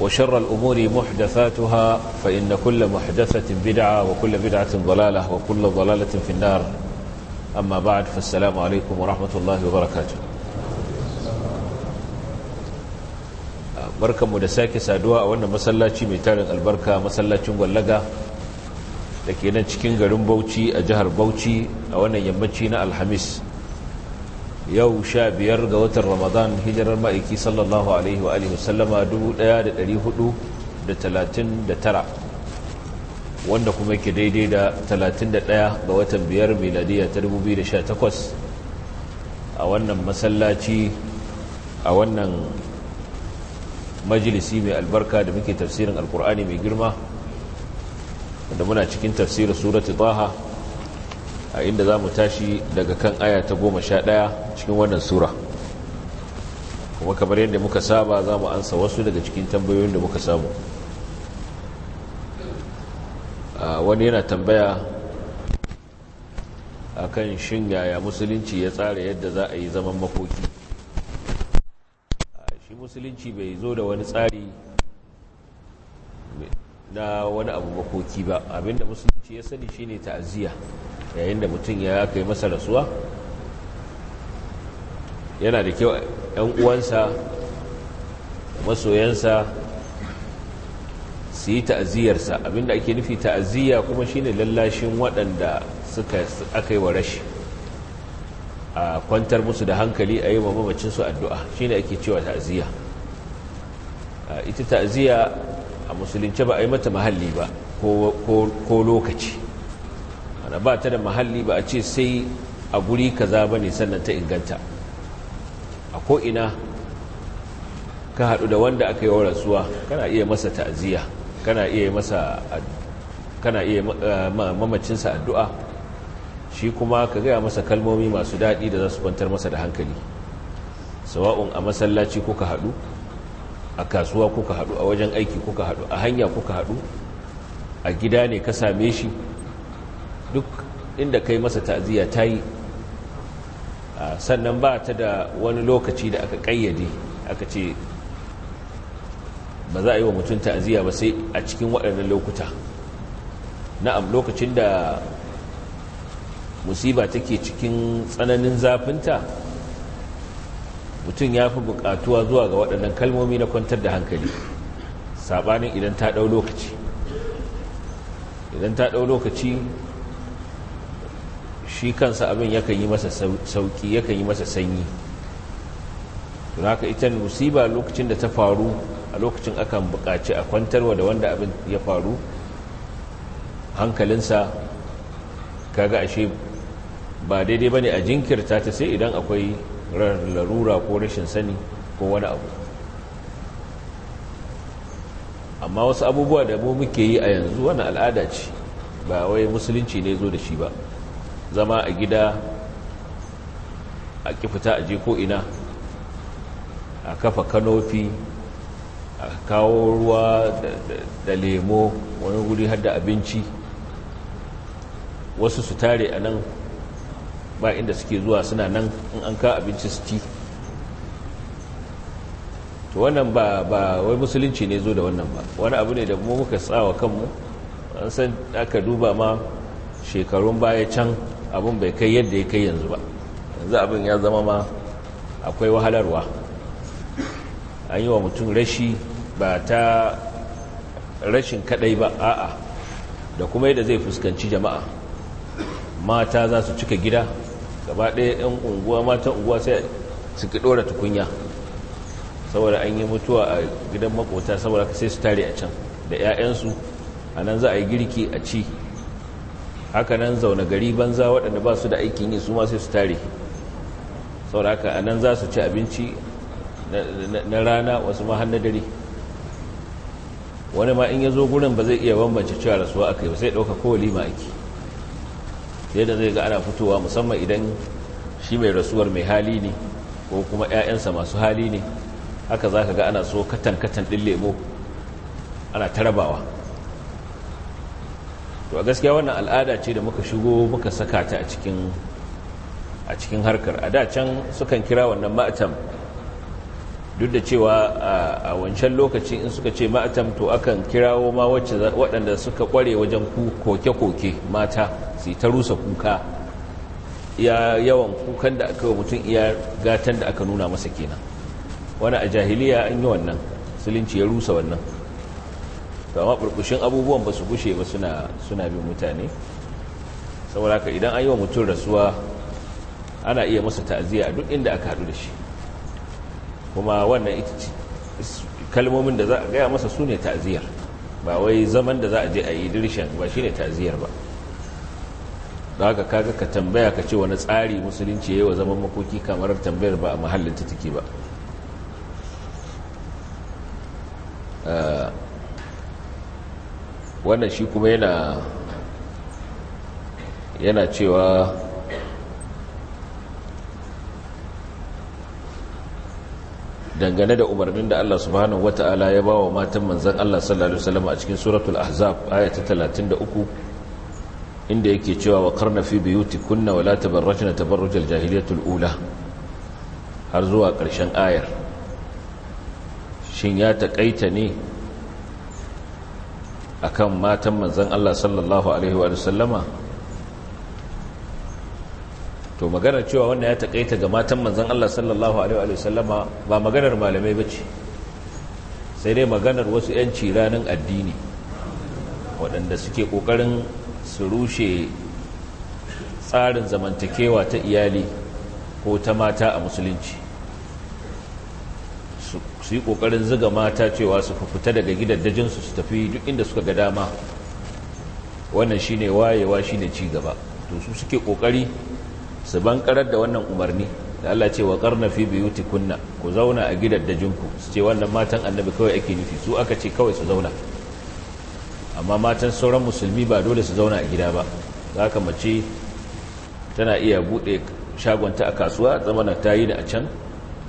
وشر الأمور محدثاتها فإن كل محدثة بدعة وكل بدعة ضلالة وكل ضلالة في النار أما بعد فالسلام عليكم ورحمة الله وبركاته barkan da sake saduwa a wannan masallaci mai tarin albarka masallacin gwallaga da ke nan cikin garin bauchi a jihar bauchi a wannan yammaci na alhamis yau sha biyar ga watan ramadan hijirar ma'aiki sallallahu alaihi wa alihi wasallama tara wanda kuma ke daidai da talatin da daya ga watan biyar miladiya ta dubu biyu da sha takwas a wannan masallaci a wannan majalisi mai albarka da muke tafsirin alkur'ani mai girma da muna cikin tafsirin surati taha a inda za mu tashi daga kan aya ta goma sha ɗaya cikin wannan sura kuma kamar yadda muka saba za mu ansa wasu daga cikin tambayoyin da muka samu wani yana tambaya a kan shin yaya musulunci ya tsara yadda za a yi zaman makoki shi musulunci bai zo da wani tsari na wani abu makoki ba abinda musulunci ya sani shine ta'aziyya yayin da mutum ya kai masa rasuwa yana da kyau ɗan uwansa masoyansa su yi ta'aziyarsa abinda ake nufi ta'aziyya kuma shine lallashin waɗanda suka aka yi wa rashi a kwantar musu da hankali a yi mamacinsu addu'a shine ake cewa ta'aziyya ita ta'aziyya a musulunci ba a yi mata mahalli ba ko lokaci ana ba ta da mahalli ba a ce sai a guri kaza ba ne sannan ta inganta a ko'ina ka haɗu da wanda aka yi wa rasuwa kana iya masa ta'aziyya kana iya masa eh, mamacinsa addu'a shi kuma ka gaya masa kalmomi masu daɗi da za su kwantar masa da hankali sawa'un a masallaci ko ka haɗu a kasuwa kuka hadu a wajen aiki kuka hadu a hanya kuka hadu a gida ne ka same shi duk inda kai masa ta'ziya tayi sannan ba ta da wani lokaci da aka kayyade aka ce ba za a yi wa mutum ta'aziyya ba sai a cikin waɗannan lokuta na'am lokacin da musiba take cikin tsananin zafinta mutum ya fi bukatuwa zuwa ga waɗannan kalmomi na kwantar da hankali saɓanin idan ta ɗau lokaci idan ta ɗau lokaci shi kansa abin yakan yi masa sauƙi yakan yi masa sanyi to haka ita musiba lokacin da ta faru a lokacin akan buƙaci a kwantarwa da wanda abin ya faru hankalinsa kaga ashe ba daidai ba ne a jinkirta ta sai idan akwai larura ko rashin sani ko wani abu amma wasu abubuwa da mu muke yi a yanzu wani al'ada ce ba wai musulunci ne zo da shi ba zama a gida a kifita a je ko ina a kafa kanofi a kawo ruwa da lemo wani guri har da abinci wasu su tare a nan ba inda suke zuwa suna nan in an ka abinci su ci to wannan ba ba wai musulunci ne zo da wannan ba wani abu ne da mu muka tsawa kanmu an san aka duba ma shekarun baya can abin bai kai yadda ya kai yanzu ba yanzu abin ya zama ma akwai wahalarwa an yi wa mutum rashi ba ta rashin kadai ba a'a da kuma yadda zai fuskanci jama'a mata za su cika gida gaba ɗaya yan unguwa matan unguwa sai su ki ɗora tukunya saboda an yi mutuwa a gidan makota saboda ka sai su tare a can da 'ya'yansu a nan za a yi girki a ci haka nan zaune gari banza waɗanda ba su da aikin yi su ma sai su tare saboda haka a nan za su ci abinci na rana wasu ma har dare wani ma in ya zo gurin ba zai iya bambance cewa rasuwa aka yi ba sai ɗauka ko walima ake yadda zai ga ana fitowa musamman idan shi mai rasuwar mai hali ne ko kuma 'ya'yansa masu hali ne haka za ka ga ana so katan-katan ɗin lemo ana tarabawa to a gaskiya wannan al'ada ce da muka shigo muka saka ta a cikin harkar a da can sukan kira wannan ma'atam duk da cewa a wancan lokaci in suka ce ma'atam to akan kirawo ma waɗanda suka ƙware wajen koke-koke mata su ta rusa kuka ya yawan kukan da aka mutum iya gatan da aka nuna masa kenan wani a jahiliya an yi wannan silinci ya rusa wannan to amma burkushin abubuwan ba su gushe ba suna bin mutane saboda haka idan an yi wa mutum rasuwa ana iya masa ta'aziyya duk inda aka haɗu da shi kuma wannan ita ce kalmomin da za a gaya masa su ne ta'aziyar ba wai zaman da za a je a yi dirishan ba shi ne ta'aziyar ba da haka kaga ka tambaya ka ce wani tsari musulunci ya yi wa zaman makoki kamar tambayar ba a mahallin ta take ba eh, wannan shi kuma yana yana cewa dangane da umarnin da Allah subhanahu wata'ala ya ba wa matan manzan Allah sallallahu alaihi wasallam a cikin suratul ahzab ayata 33 inda yake cewa wa qarna fi biyutikunna wa la tabarrajna tabarrujal jahiliyatul ula har zuwa ƙarshen ayar shin ya taƙaita ne akan matan manzan Allah sallallahu alaihi wasallama to maganar cewa wannan ya taƙaita ga matan manzan Allah sallallahu alaihi wasallama ba maganar malamai ba ce sai dai maganar wasu yanci ranin addini waɗanda suke ƙoƙarin su rushe tsarin zamantakewa ta iyali ko ta mata a musulunci su yi ƙoƙarin ziga mata cewa su fita daga gidaddajinsu su tafi duk inda suka ga dama wannan shi ne wayewa shi ne cigaba to su suke ƙoƙari su bankarar da wannan umarni da Allah ce wa karna fi biyuti kunna ku zauna a gidaddajinku su ce wannan matan annabi kawai ake nufi su aka ce kawai su zauna amma matan sauran musulmi ba dole su zauna a gida ba za ka mace tana iya buɗe shagonta a kasuwa zamana ta yi da a can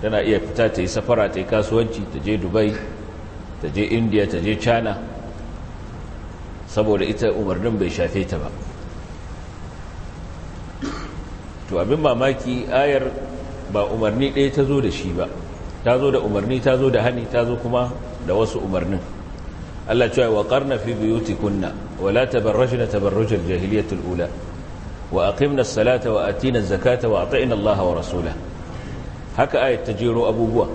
tana iya fita ta yi safara ta yi kasuwanci ta je dubai ta je india ta je china saboda ita umarnin bai shafe ta ba to abin mamaki ayar ba umarni ɗaya ta zo da shi ba ta zo da umarni ta zo da hani ta zo kuma da wasu umarnin Allah cewa wa qarna fi buyutikunna wa la tabarrajna tabarruj al ula wa aqimna salata wa atina zakata wa atina Allah wa rasulahu haka ayat ta jero abubuwa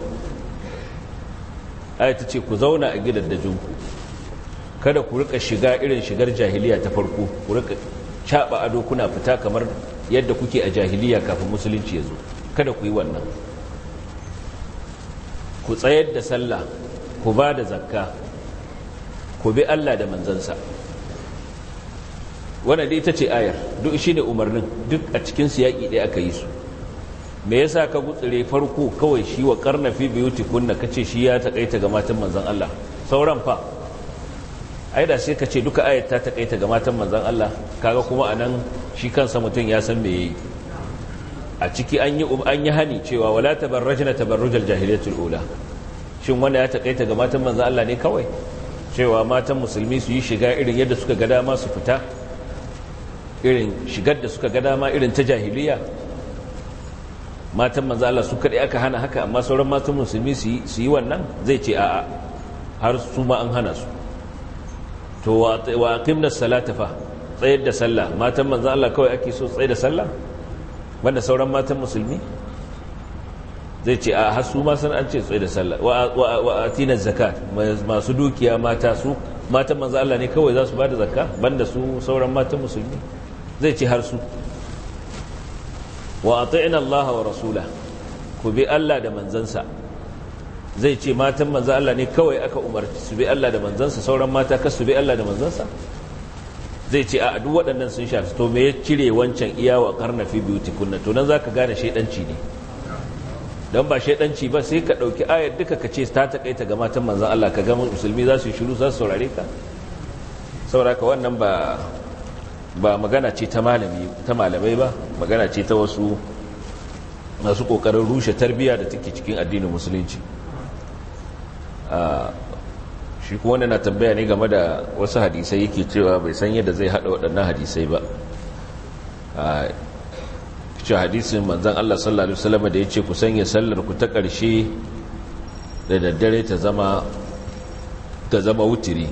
ayat ta ce ku zauna a jinku. kada ku rika shiga irin shigar jahiliya ta farko ku rika caba ado kuna fita kamar yadda kuke a jahiliya kafin musulunci ya zo kada ku yi wannan ku tsayar da sallah ku ba da zakka ku bi Allah da manzansa wannan dai ita ce ayar duk shi ne umarnin duk a cikin yaƙi ɗaya aka yi su me yasa ka gutsire farko kawai shi wa karnafi biyuti kunna kace shi ya taƙaita ga matan manzan Allah sauran fa ai da sai ka ce duka ayat ta takaita ga matan manzon Allah kaga kuma anan shi kansa mutum ya san me yayi a ciki an yi an yi hani cewa wala tabarrajna tabarrujal jahiliyatul ula shin wanda ya takaita ga matan manzon Allah ne kawai cewa matan musulmi su yi shiga irin yadda suka ga dama su fita irin shigar da suka ga dama irin ta jahiliya matan manzo Allah su kaɗai aka hana haka amma sauran matan musulmi su yi wannan zai ce a'a har su ma an hana su to wa aqimna salata fa tsayar da sallah matan manzo Allah kawai ake so tsayar da sallah wanda sauran matan musulmi zai ce a hasu ma san an ce tsayar da sallah wa atina zakat masu dukiya mata su matan manzo Allah ne kawai za su bada zakka banda su sauran matan musulmi zai ce har su wa ati'na Allah wa rasula ku bi Allah da manzansa zai ce matan manzo Allah ne kawai aka umarci su bi Allah da manzansa sauran mata kar su bi Allah da manzansa zai ce a duk waɗannan sun shafi to me ya cire wancan iyawa karna fi biyu tukunna to nan zaka gane shaidanci ne dan ba shaidanci ba sai ka ɗauki ayar duka ka ce ta takaita ga matan manzon Allah ka ga musulmi za su yi shiru za su saurare ka ka wannan ba ba magana ce ta malami malamai ba magana ce ta wasu masu kokarin rushe tarbiyya da take cikin addinin musulunci shi kuma wanda na tambaya ne game da wasu hadisai yake cewa bai san yadda zai haɗa waɗannan hadisai ba A cikin hadisin manzan Allah sallallahu Alaihi wasallam da ya ce ku sanya sallar ku ta ƙarshe da daddare ta zama wutiri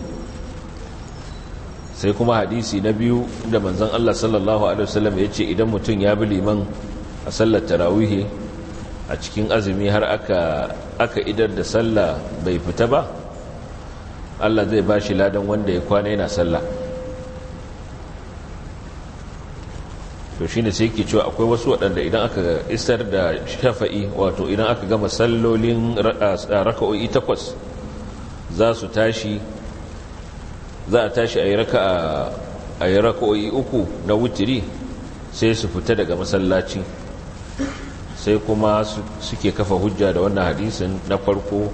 sai kuma hadisi na biyu da manzan Allah sallallahu Alaihi wasallam ya ce idan mutum ya bi liman a sallar tarawihi a cikin azumi har aka idar da sallah bai fita ba Allah zai ba shi ladan wanda ya kwana yana sallah to shine sai yake cewa akwai wasu waɗanda idan aka isar da shafa'i wato idan aka gama sallolin raka'o'i takwas za su tashi za a tashi a yi raka'o'i uku na wutiri sai su fita daga masallaci sai kuma suke kafa hujja da wannan hadisin na farko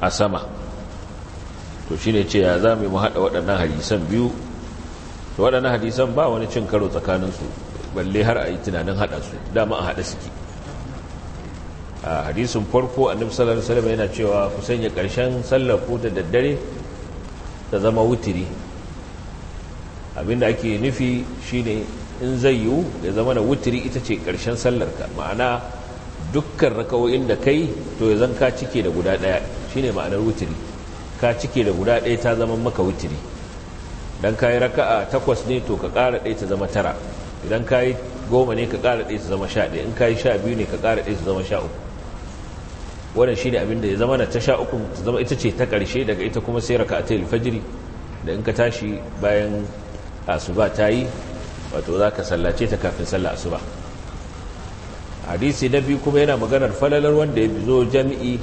a sama to shi ne ce ya za mu haɗa waɗannan hadisan biyu da waɗannan hadisan ba wani cin karo tsakaninsu balle har a yi tunanin haɗa su dama a haɗa suke a hadisin farko annabi sallallahu alaihi wasallam yana cewa ku sanya ƙarshen sallar ku da daddare ta zama wutiri abinda ake nufi shine in zai yiwu ya zama da wutiri ita ce ƙarshen sallarka ma'ana dukkan rakawo'in da kai to ya zan ka cike da guda ɗaya shine ma'anar wutiri ka cike da guda ɗaya ta zama maka wutiri don ka yi raka'a takwas ne to ka ƙara ɗaya ta zama tara idan ka yi goma ne ka ƙara ɗaya ta zama sha ɗaya in ka yi sha biyu ne ka ƙara ɗaya ta zama sha uku wannan ne abin da ya zama da ta sha uku ta zama ita ce ta ƙarshe daga ita kuma sai raka a ta fajiri da in ka tashi bayan asuba ta yi wato za ka sallace ta kafin sallah asuba hadisi na biyu kuma yana maganar falalar wanda ya zo jami'i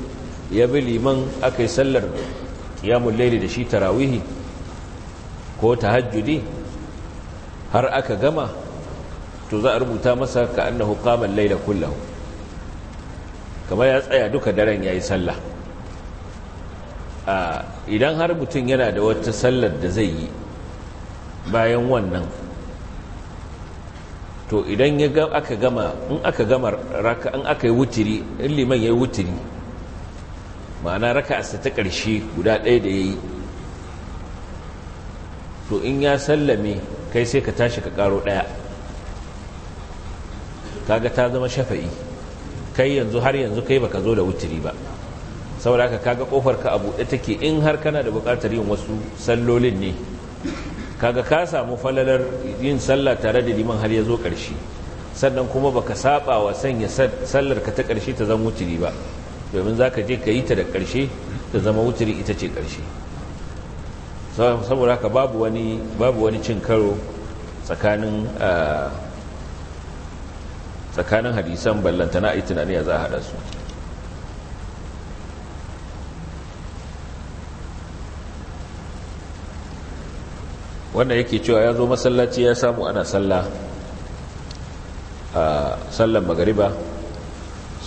ya bi liman aka yi sallar kiyamun laili da shi tarawihi ko tahajjudi har aka gama to za a rubuta masa ka annahu qama laila kullahu kamar ya tsaya duka daren yayi sallah idan har mutum yana da wata sallar da zai yi bayan wannan to idan ya ga aka gama in aka gama raka in aka yi wutiri in liman ya yi wutiri ma'ana raka asa ta ƙarshe guda ɗaya da ya yi to in ya sallame kai sai ka tashi ka ƙaro ɗaya kaga ta zama shafa'i kai yanzu har yanzu kai baka zo da wutiri ba saboda haka kaga ƙofar ka a buɗe take in har kana da buƙatar yin wasu sallolin ne kaga ka samu falalar yin sallah tare da liman har ya zo ƙarshe sannan kuma baka saba wa sanya sallar ka ta ƙarshe ta zama wuturi ba domin zaka je ka yi ta da ƙarshe ta zama wuturi ita ce ƙarshe saboda haka babu wani babu wani cin karo tsakanin hadisan ballantana a yi tunani ya za a haɗa su wanda yake cewa ya zo masallaci ya samu ana salla a sallar magariba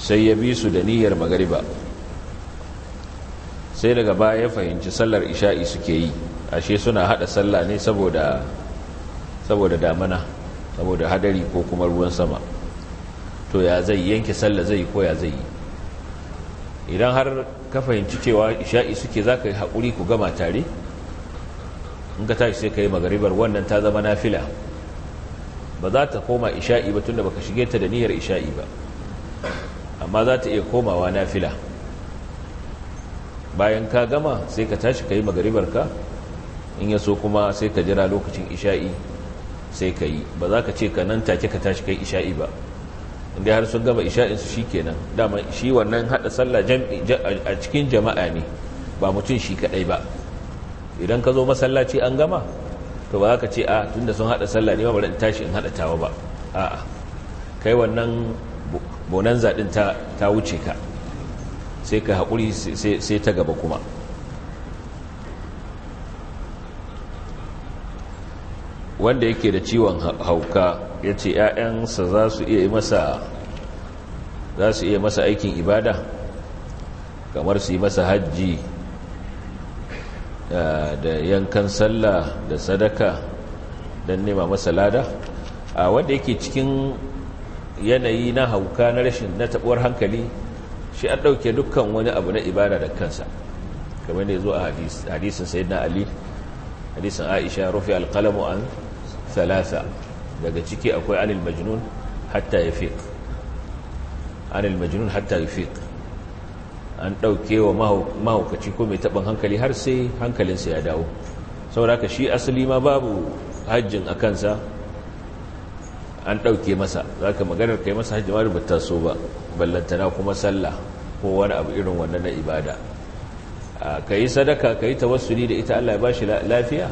sai ya bi su da niyyar magariba sai daga baya ya fahimci sallar isha'i suke yi ashe suna hada sallah ne saboda saboda damana saboda hadari ko kuma ruwan sama to ya zai yanke sallah zai ko ya zai yi idan har ka fahimci cewa isha'i suke za ka yi haƙuri ku gama tare in ka tashi sai ka yi magaribar wannan ta zama nafila ba za ta koma isha'i ba tunda ba ka shige ta da niyyar isha'i ba amma za ta iya komawa nafila bayan ka gama sai ka tashi ka yi ka in yaso kuma sai ka jira lokacin isha'i sai ka yi ba za ka ce ka nan take ka tashi kai yi isha'i ba inda har sun gama isha'insu shi kenan dama shi wannan haɗa sallah a cikin jama'a ne ba mutum shi kaɗai ba idan ka zo masallaci an gama to ba ka ce a ah, tunda sun hada sallah ne ba bari in tashi in hada tawa ba a'a kai wannan bonan zaɗin ta ta wuce ka sai ka hakuri sai ta gaba kuma wanda yake da ciwon hauka ya ce ‘ya'yansa za su iya masa za su iya masa aikin ibada kamar su yi masa hajji Eh, da yankan sallah da sadaka don nema masa lada a wanda yake cikin yanayi na hauka na rashin na tabuwar hankali shi an ɗauke dukkan wani abu na ibada da kansa kamar da ya zo a hadisin sayyidina ali hadisin aisha rufi alkalamu an thalatha daga ciki akwai anil majnun hatta ya fiƙ anil majnun hatta ya fiƙ an ɗauke wa mahaukaci ko mai taɓin hankali har sai hankalinsa ya dawo sauraka shi asali ma babu hajjin a kansa an ɗauke masa za ka maganar kai masa hajji mara bata so ba ballantana kuma sallah ko wani abu irin wannan na ibada ka yi sadaka ka yi tawassuli da ita allah ya ba shi lafiya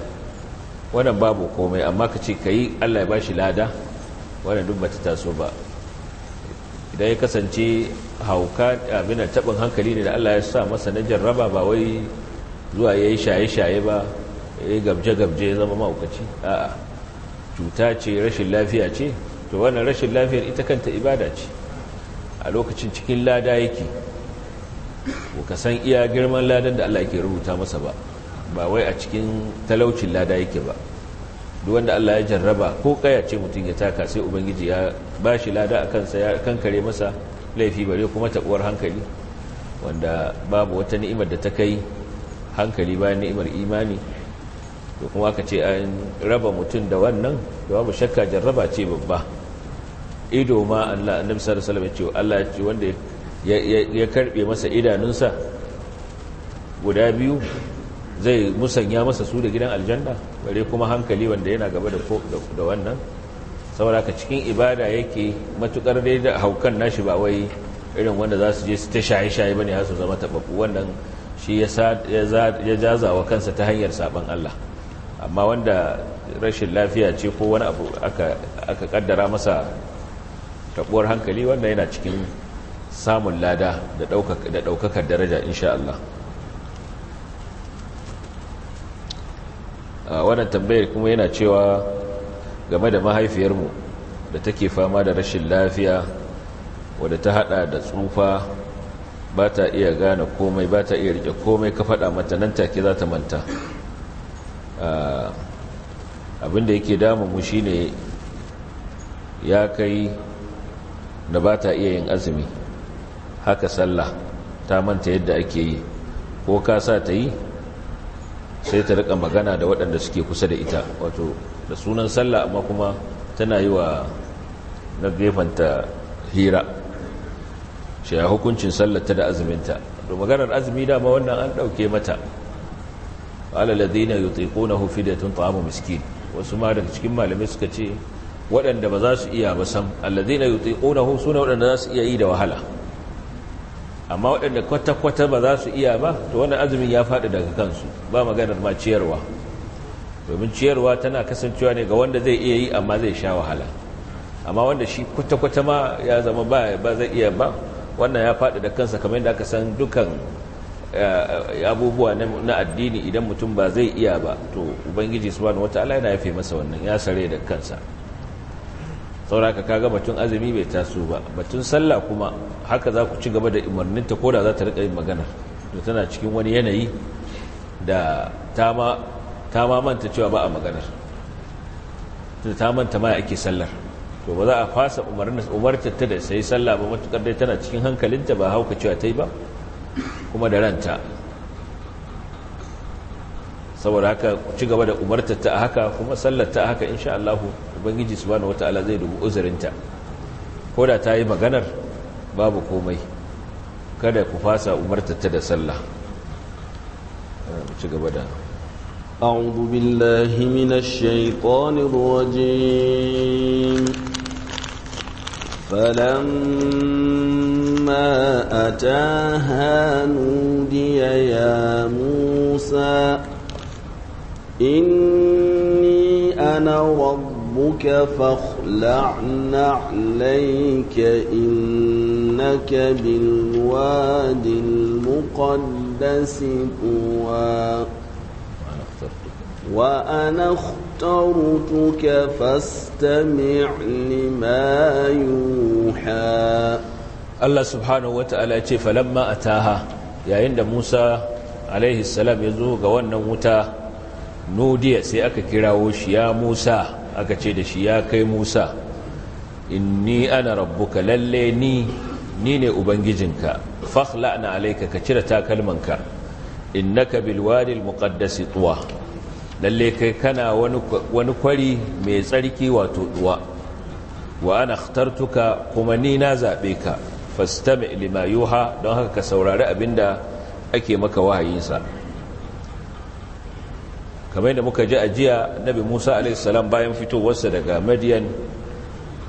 wannan babu komai amma ka ce ka yi allah ya ba shi lada wannan duk bata taso ba idan ya kasance hauka abin da tabin hankali ne da Allah ya sa masa na jarraba ba wai zuwa yayi shaye-shaye ba ya gabje-gabje ya zama mahaukaci a'a cuta ce rashin lafiya ce to wannan rashin lafiyar ita kanta ibada ce a lokacin cikin lada yake ka san iya girman ladan da Allah yake rubuta masa ba ba wai a cikin talaucin lada yake ba duk wanda Allah ya jarraba ko kaya ce mutum ya taka sai ubangiji ya bashi lada a kansa ya kankare masa laifi bare kuma taɓuwar hankali wanda babu wata ni'imar da ta kai hankali bayan ni'imar imani da kuma aka ce an raba mutum da wannan da babu shakka jarraba ce babba ido ma Allah annabi sallallahu alaihi wasallam ya ce Allah ya ce wanda ya karbe masa idanunsa guda biyu zai musanya masa su da gidan aljanna bare kuma hankali wanda yana gaba da wannan saboda ka cikin ibada yake matukar dai da haukan nashi ba wai irin wanda za su je su ta shaye-shaye bane har su zama tababbu wannan shi ya jaza wa kansa ta hanyar saban Allah amma wanda rashin lafiya ce ko wani abu aka kaddara masa tabuwar hankali wanda yana cikin samun lada da daukakar daraja insha Allah wannan tambayar kuma yana cewa game da mahaifiyarmu da take fama da rashin lafiya wadda ta hada da tsufa ba ta iya gane komai ba ta iya rike komai ka fada mata nan take za ta manta abinda yake damunmu shi ne ya kai da ba ta iya yin azumi haka sallah ta manta yadda ake yi ko ka sa ta yi sai ta rika magana da waɗanda suke kusa da ita wato da sunan sallah amma kuma tana yi wa na gefanta hira shi ya hukuncin sallata da azuminta da maganar azumi dama wannan an ɗauke mata alaladina yutiquna hu fidyatun ta'amu miskin wasu ma daga cikin malamai suka ce waɗanda ba za su iya ba sam alladina yutiquna hu suna waɗanda za su iya yi da wahala amma waɗanda kwata-kwata ba za su iya ba to wannan azumin ya faɗi daga kansu ba maganar ma ciyarwa domin ciyarwa tana kasancewa ne ga wanda zai iya yi amma zai sha wahala amma wanda shi kwata-kwata ma ya zama ba zai iya ba wannan ya faɗi da kansa kamar yadda aka san dukan eh, abubuwa na addini idan mutum ba zai iya ba to ubangiji wata wataala yana yafe masa wannan ya sare da kansa sauraka kaga batun azumi bai taso ba batun sallah kuma haka za ku ci gaba da umarninta ko da za ta riƙa yin magana to tana cikin wani yanayi da ta ma ta ma manta cewa ba a maganar ta manta ma ake sallar to ba za a fasa umarta ta da sai sallah ba matukar dai tana cikin hankalinta ba hauka cewa ta yi ba kuma da ranta saboda haka ku ci gaba da umarta ta haka kuma sallar ta haka insha Allah ubangiji subhanahu wataala zai dubu uzurinta ko da ta yi maganar babu komai kada ku fasa umarta ta da sallah ci gaba da أعوذ بالله من الشيطان الرجيم فلما أتاها نودي يا موسى إني أنا ربك فاخلع عليك إنك بالواد المقدس طوى وأنا اخترتك فاستمع لما يوحى الله سبحانه وتعالى فلما أتاها يا عند موسى عليه السلام يزوغ وانا متى نودي سيأك كراوش يا موسى أكتشدش يا كي موسى إني أنا ربك لليني نيني أبنججنك فاخلعنا عليك كتشرتا كلمنك إنك بالوادي المقدس طواه lalle kai kana wani kwari mai tsarki wato duwa wa ana kuma ni na zabe ka fastami lima yuha don haka ka saurari abin da ake maka wahayinsa kamar yadda muka ji ajiya nabi Musa a.s. bayan fitowarsa daga Madian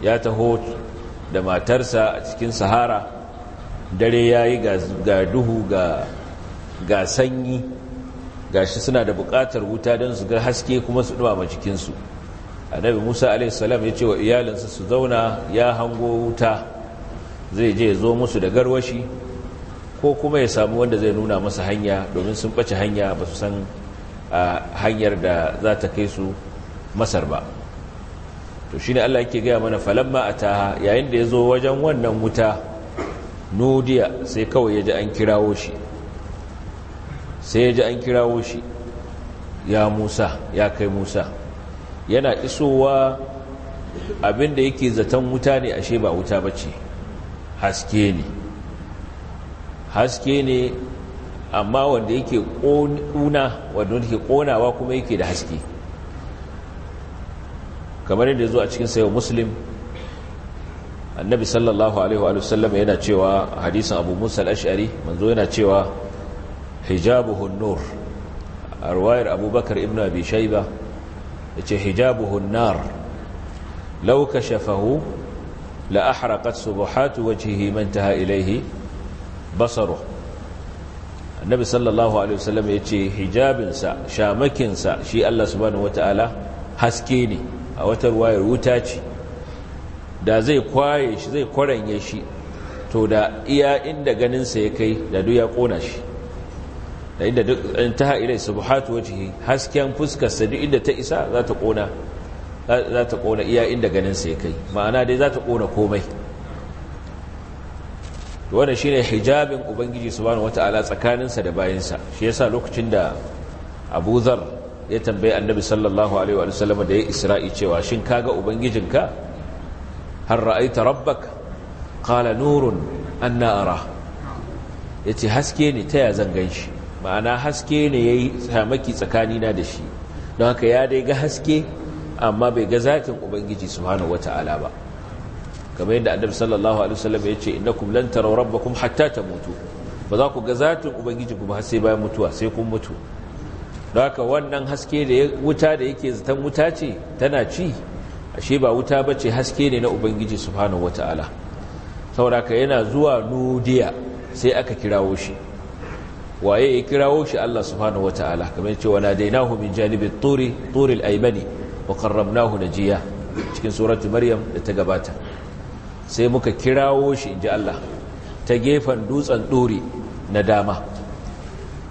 ya taho da matarsa a cikin Sahara dare yayi ga duhu ga sanyi gashi suna da buƙatar wuta don su ga haske kuma su ɗumama cikinsu annabi musa alaihissalam ya ce wa iyalinsa su zauna ya hango wuta zai je zo musu da garwashi ko kuma ya samu wanda zai nuna masa hanya domin sun ɓace hanya ba su san hanyar da za ta kai su masar ba to shi ne allah yake gaya mana falamma a taha yayin da ya zo wajen wannan wuta nudiya sai kawai ya ji an kirawo shi sai ya ji an kirawo shi ya musa ya kai musa yana isowa abinda yake zaton wuta ne ashe ba wuta ba ce haske ne haske ne amma wanda yake ƙuna wanda yake ƙonawa kuma yake da haske kamar yadda zuwa cikin sayo muslim annabi sallallahu alaihi wa sallam yana cewa hadisan abu musa al-ash'ari manzo yana cewa hijabuhun nur ruwayar abubakar ibn abi shaiba yace ce hijabuhun nar lauka shafahu la ahraqat subuhatu wajhihi man taha ilayhi basaru annabi sallallahu alaihi ya ce hijabinsa shamakinsa shi Allah subhanahu wataala haske ne a wata ruwayar wuta ce da zai kwaye shi kwaranye shi to da iya inda ganinsa ya kai da duk ya kona shi da inda duk intaha ilai subhatu wajhi hasken fuskar sa duk inda ta isa za ta kona za ta kona iya inda ganin sa ya kai ma'ana dai za ta kona komai to wannan shine hijabin ubangiji subhanahu wataala tsakanin sa da bayin sa shi yasa lokacin da Abu Zar ya tambaye Annabi sallallahu alaihi wa sallam da ya Isra'i cewa shin kaga ubangijinka har ra'aita rabbak qala nurun anna ara yace haske ne ta ya zan ganshi ma'ana haske ne ya yi samaki na da shi don haka ya dai ga haske amma bai ga zakin ubangiji subhanahu wata'ala ba kamar yadda annabi sallallahu alaihi wasallam ya ce innakum lan taraw rabbakum hatta tamutu ba za ku ga zatin ubangiji kuma sai bayan mutuwa sai kun mutu don haka wannan haske da wuta da yake zaton wuta ce tana ci ashe ba wuta ba ce haske ne na ubangiji subhanahu wata'ala saboda yana zuwa nudiya sai aka kirawo shi waye ya kirawo shi Allah subhanahu wataala kamar cewa nadainahu min janibi turi turi aymani wa qarrabnahu najiya cikin suratu maryam da ta gabata sai muka kirawo shi inji Allah ta gefen dutsen duri na dama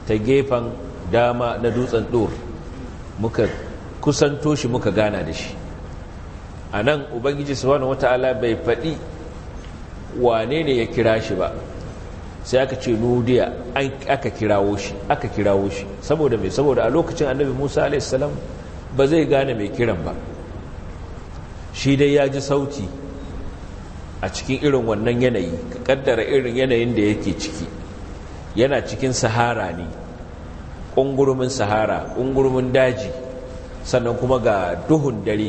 ta gefen dama na dutsen dur muka kusanto shi muka gana da shi anan ubangiji subhanahu wataala bai fadi wane ne ya kira shi ba sai aka ce nudiya aka kirawo shi aka kirawo shi saboda mai saboda a lokacin annabi musa a.s. ba zai gane mai kiran ba shi dai ya ji sauti a cikin irin wannan yanayi ka kaddara irin yanayin da yake ciki yana cikin sahara ne ƙungurumin sahara ƙungurumin daji sannan kuma ga duhun dare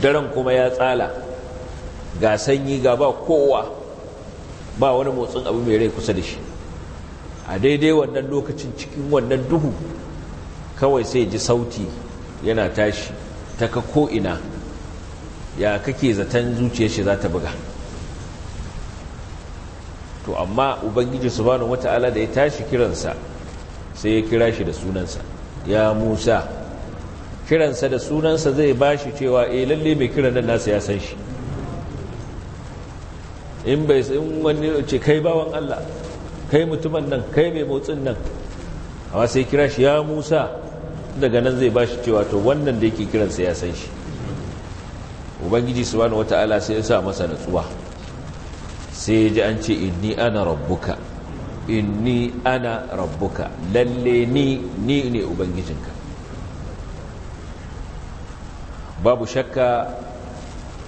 daren kuma ya tsala ga sanyi ga ba kowa ba wani motsin abu mai rai kusa da shi a daidai wannan lokacin cikin wannan duhu kawai sai ji sauti yana tashi ta ka ko'ina ya kake zaton zuciyar shi za ta buga to amma ubangiji subhanahu wata'ala da ya tashi kiransa sai ya kira shi da sunansa ya musa kiransa da sunansa zai bashi cewa eh lalle mai kiran nan nasa ya san shi in bai in wani ce kai bawan Allah kai mutumin nan kai mai motsin nan amma sai kira shi ya Musa daga nan zai bashi cewa to wannan da yake kiransa ya san shi ubangiji subhanahu wataala sai ya sa masa natsuwa sai ya ji an ce inni ana rabbuka inni ana rabbuka lalle ni ni ne ubangijinka babu shakka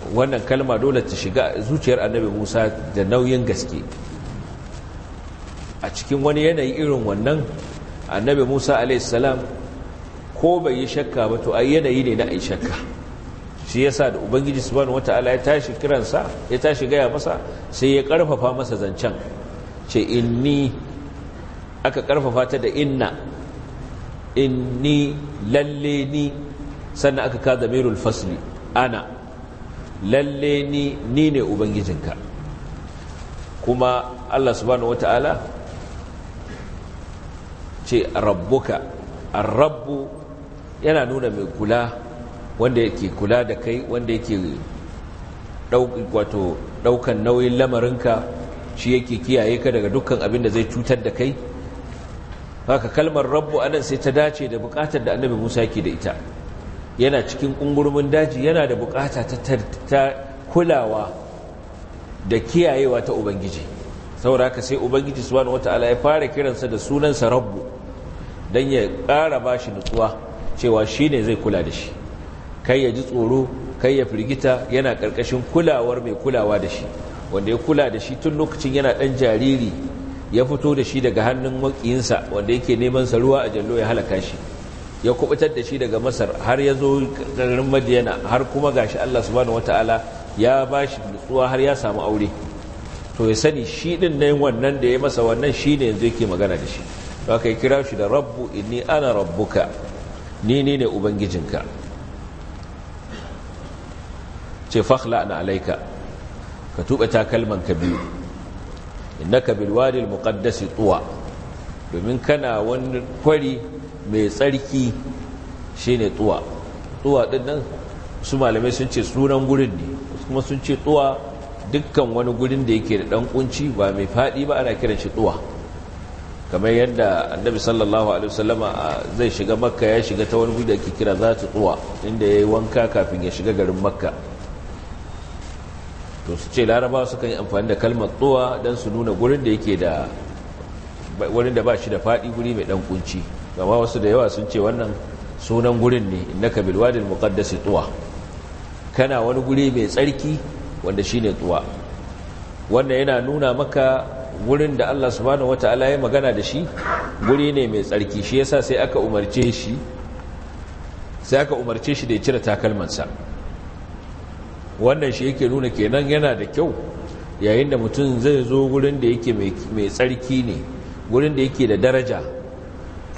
wannan kalma dole ta shiga zuciyar annabi musa da nauyin gaske a cikin wani yanayi irin wannan annabi musa alaihissalam ko bai yi shakka ba to a yanayi ne na a shakka shi sa da ubangiji wata wata'ala ya tashi kiransa ya tashi gaya masa sai ya karfafa masa zancen ce inni aka karfafa ta da inna inni lalle ni sannan aka ka zamirul fasli ana lalle ni ni ne ubangijinka kuma Allah subhanahu wata'ala ce rabbuka rabbu yana nuna mai kula wanda yake kula da kai wanda yake wato daukan nauyin lamarinka shi yake kiyaye ka daga dukkan abin da zai cutar da kai haka kalmar rabbu anan sai ta dace da bukatar da annabi Musa yake da ita yana cikin ƙungurmin daji yana da bukata ta kulawa da kiyayewa ta ubangiji saboda haka sai ubangiji wata wataala ya fara kiransa da sunansa rabbu don ya ƙara bashi nutsuwa cewa shi ne zai kula da shi kai ya ji tsoro kai ya firgita yana ƙarƙashin kulawar mai kulawa da shi wanda ya kula da shi tun lokacin yana ɗan jariri ya fito da shi daga hannun wakiyinsa wanda yake neman sa ruwa a jallo ya halaka shi ya kubutar da shi daga masar har ya zo garin madiyana har kuma gashi allah subhanahu wataala ya ba shi nutsuwa har ya samu aure to ya sani shi din nan wannan da ya masa wannan shi ne yanzu yake magana da shi to aka kira shi da rabbu inni ana rabbuka ni ne ne ubangijinka ce fakhla ana alaika ka tuba takalman ka biyu innaka bil wadi al tuwa domin kana wani kwari mai tsarki shine tuwa tuwa din nan su malamai sun ce sunan gurin ne kuma sun ce tuwa dukkan wani gurin da yake da dan kunci ba mai fadi ba ana kiran shi tuwa kamar yadda annabi sallallahu alaihi wasallama zai shiga makka ya shiga ta wani gudu ake kira su tuwa inda yayi wanka kafin ya shiga garin makka to su ce larabawa sukan yi amfani da kalmar tsuwa don su nuna gurin da yake da wani da ba shi da fadi guri mai ɗan kunci gama wasu da yawa sun ce wannan sunan gurin ne innaka bil wadil muqaddasi tuwa kana wani guri mai tsarki wanda shine tuwa wanda yana nuna maka gurin da Allah subhanahu wataala ya magana da shi guri ne mai tsarki shi yasa sai aka umarce shi sai aka umarce shi da ya cire takalmansa wannan shi yake nuna kenan yana da kyau yayin da mutum zai zo gurin da yake mai tsarki ne gurin da yake da daraja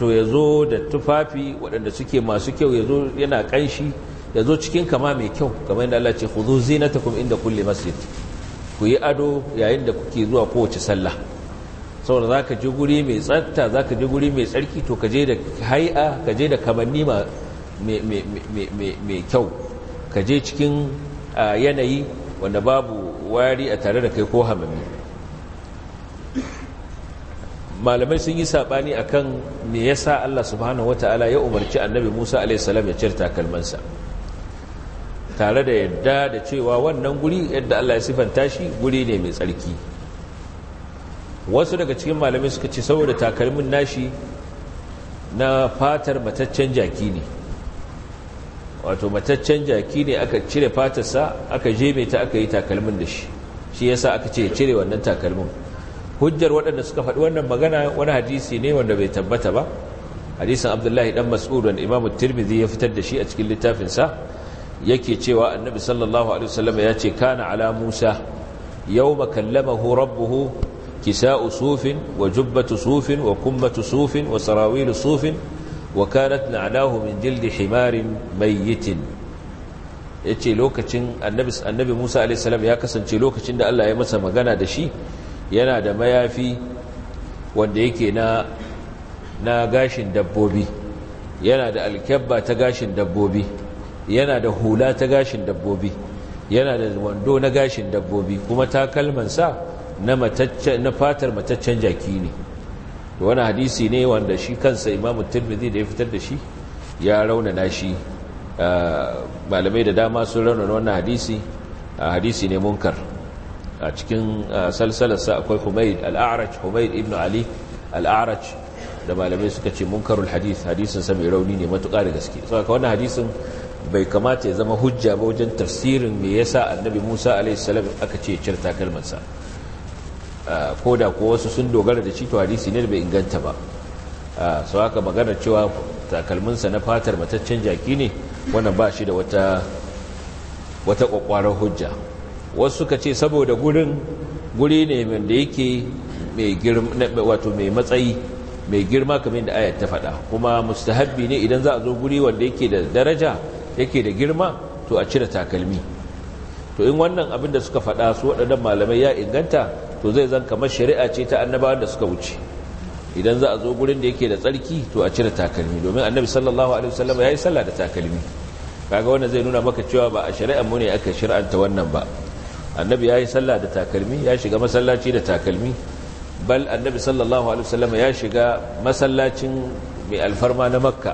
to ya zo da tufafi waɗanda suke masu kyau ya zo yana ƙanshi ya zo cikin kama mai kyau kamar yadda Allah ce ku zo kuma inda kulle masjid ku yi ado yayin da kuke zuwa kowace sallah saboda za ka je guri mai tsafta za ka je guri mai tsarki to ka je da hai'a ka je da kamanni mai kyau ka je cikin yanayi wanda babu wari a tare da kai ko hamami malamai sun yi sabani akan me yasa Allah subhanahu wataala ya umarci annabi Musa alaihi salam ya cire takalmansa tare da yadda da cewa wannan guri yadda Allah ya sifanta shi guri ne mai tsarki wasu daga cikin malamai suka ce saboda takalmin nashi na fatar mataccen jaki ne wato mataccen jaki ne aka cire fatarsa aka jebe ta aka yi takalmin da shi shi yasa aka ce cire wannan takalmin hujjar waɗanda suka faɗi wannan magana wani hadisi ne wanda bai tabbata ba hadisin abdullahi dan mas'ud wanda imamu tirmidhi ya fitar da shi a cikin littafinsa yake cewa annabi sallallahu alaihi wasallam ya ce kana ala musa yawma kallamahu rabbuhu kisa'u sufin wa jubbatu sufin wa kummatu sufin wa sarawilu sufin wa kanat na'lahu min jildi himarin mayyitin yace lokacin annabi annabi Musa alaihi salam ya kasance lokacin da Allah ya masa magana da shi yana da mayafi wanda yake na gashin dabbobi yana da alkyabba ta gashin dabbobi yana da hula ta gashin dabbobi yana da wando na gashin dabbobi kuma takalmansa na na fatar mataccen jaki ne wani hadisi ne wanda shi kansa imamu tirmidhi da ya fitar da shi ya rauna na shi ah, malamai da dama sun rauna wannan hadisi ah, hadisi ne munkar a cikin salsalarsa akwai humaid al'araj humaid ibn ali al'araj da malamai suka ce munkarul hadith hadisin sa mai rauni ne matuƙa da gaske saboda wannan hadisin bai kamata ya zama hujja ba wajen tafsirin me yasa annabi Musa alaihi salam aka ce cirta kalmar sa ko da ko wasu sun dogara da shi to hadisi ne da bai inganta ba so haka maganar cewa takalminsa na fatar mataccen jaki ne wannan ba shi da wata wata hujja wasu suka ce saboda gurin guri ne da yake mai matsayi mai girma kamar da ayat ta faɗa kuma mustahabbi ne idan za a zo guri wanda yake da daraja yake da girma to a cire takalmi to in wannan abin da suka faɗa su waɗannan malamai ya inganta to zai zan kamar shari'a ce ta annabawan da suka wuce idan za a zo gurin da yake da tsarki to a cire takalmi domin annabi sallallahu alaihi wasallam ya yi sallah da takalmi kaga wannan zai nuna maka cewa ba a shari'ar mu ne aka shari'anta wannan ba annabi ya yi sallah da takalmi ya shiga masallaci da takalmi bal annabi sallallahu alaihi wasallam ya shiga masallacin mai alfarma na makka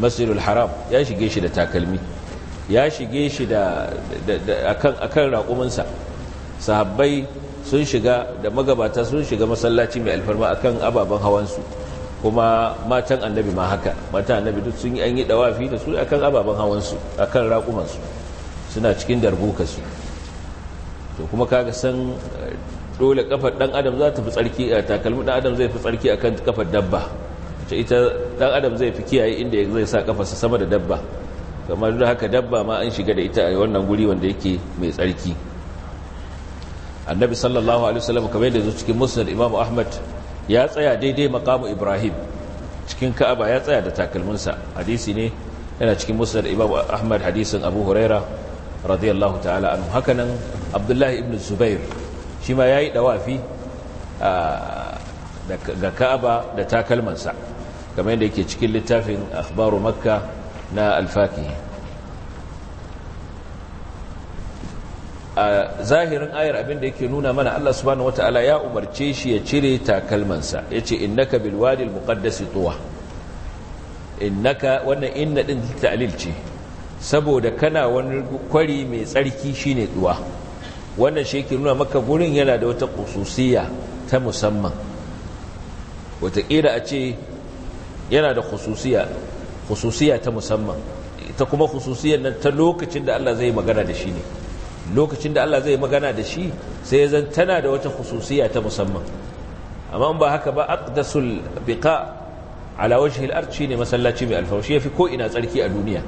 masjidul haram ya shige shi da takalmi ya shige shi da akan akan raƙuminsa sahabbai sun shiga da magabata sun shiga masallaci mai alfarma akan ababen hawansu kuma matan annabi ma haka matan annabi duk sun yi an yi dawafi da su akan ababen hawansu akan raƙumansu suna cikin darbuka su to kuma kaga san eh, dole kafar dan adam za ta fi tsarki eh, takalmi dan adam zai fi tsarki akan kafar dabba ce ita dan adam zai fi kiyaye inda zai sa kafarsa sama da dabba kamar da haka dabba ma an shiga da ita a wannan guri wanda yake mai tsarki annabi sallallahu alaihi wasallam kamar yadda zo cikin musnad imamu ahmad ya tsaya daidai maqamu ibrahim cikin ka'aba ya tsaya da takalminsa hadisi ne yana cikin musnad imamu ahmad hadisin abu huraira radiyallahu ta'ala anhu hakanan abdullahi ibn zubair shi ma yayi dawafi ga Ka'aba da takalmansa kamar yadda yake cikin littafin akhbaru makka na alfakihi a zahirin ayar abinda yake nuna mana Allah subhanahu wata'ala ya umarce shi ya cire takalmansa ya ce innaka bilwadi al-muqaddasi tuwa innaka wannan inna din ta'lil ce saboda kana wani kwari mai tsarki shine duwa wannan shekin nuna maka gurin yana da wata khususiyya ta musamman wataƙila a ce yana da khususiyya ta musamman ta kuma khususiyyar nan ta lokacin da Allah zai magana da shi ne lokacin da Allah zai magana da shi sai zan tana da wata khususiyya ta musamman amma ba haka ba aqdasul biqa ala wajhi al-ard shine masallaci mai alfawashi yafi ko ina tsarki a duniya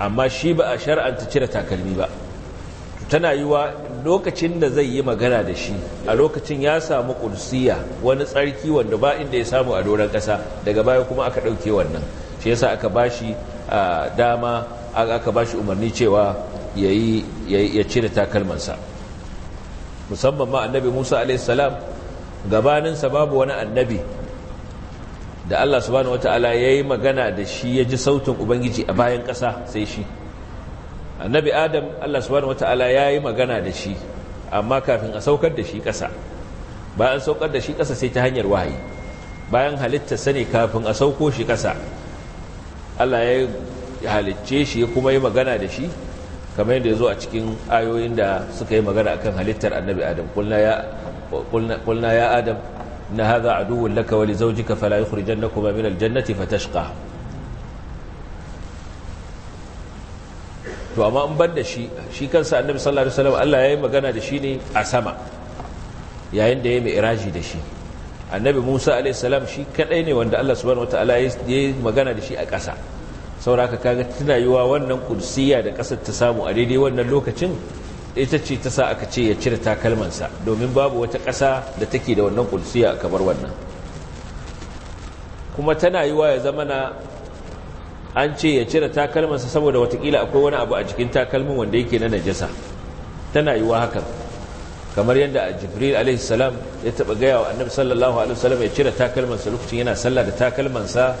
amma shi ba a shar'anta cire takalmi ba tana yi wa lokacin da zai yi magana da shi a lokacin ya samu kursiya wani tsarki wanda ba inda ya samu a doron ƙasa daga baya kuma aka ɗauke wannan shi yasa aka ba shi dama aka ba shi umarni cewa ya cire takalmansa musamman ma annabi musa a.s. gabaninsa babu wani annabi da Allah subhanahu wataala yi magana da shi ya ji sautin ubangiji a bayan ƙasa sai shi annabi adam Allah subhanahu wataala yi magana da shi amma kafin a saukar da shi ƙasa bayan saukar da shi ƙasa sai ta hanyar wahayi bayan halitta sani kafin a sauko shi ƙasa Allah ya halicce shi kuma yi magana da shi kamar yadda ya zo a cikin ayoyin da suka yi magana akan halittar annabi adam kulna ya adam إن هذا عدو لك ولزوجك فلا يخرجنكما من الجنة فتشقى to amma in bar da shi shi kansa annabi sallallahu alaihi wasallam Allah yayi magana da shi ne a sama yayin da yayi mi'raji da shi annabi Musa alaihi salam shi kadai ne wanda Allah subhanahu wataala yayi magana da shi a ƙasa saboda kaga tana yiwa wannan kursiya da ƙasar ta samu a daidai wannan lokacin ita ce ta sa aka ce ya cire takalmansa domin babu wata ƙasa da take da wannan kulsiya kamar wannan kuma tana yi wa ya zama na an ce ya cire takalmansa saboda watakila akwai wani abu a cikin takalmin wanda yake na najasa tana yi wa hakan kamar yadda jibril a.s. ya taɓa gaya wa annabi sallallahu alaihi wasallam ya cire takalmansa lokacin yana sallah da takalmansa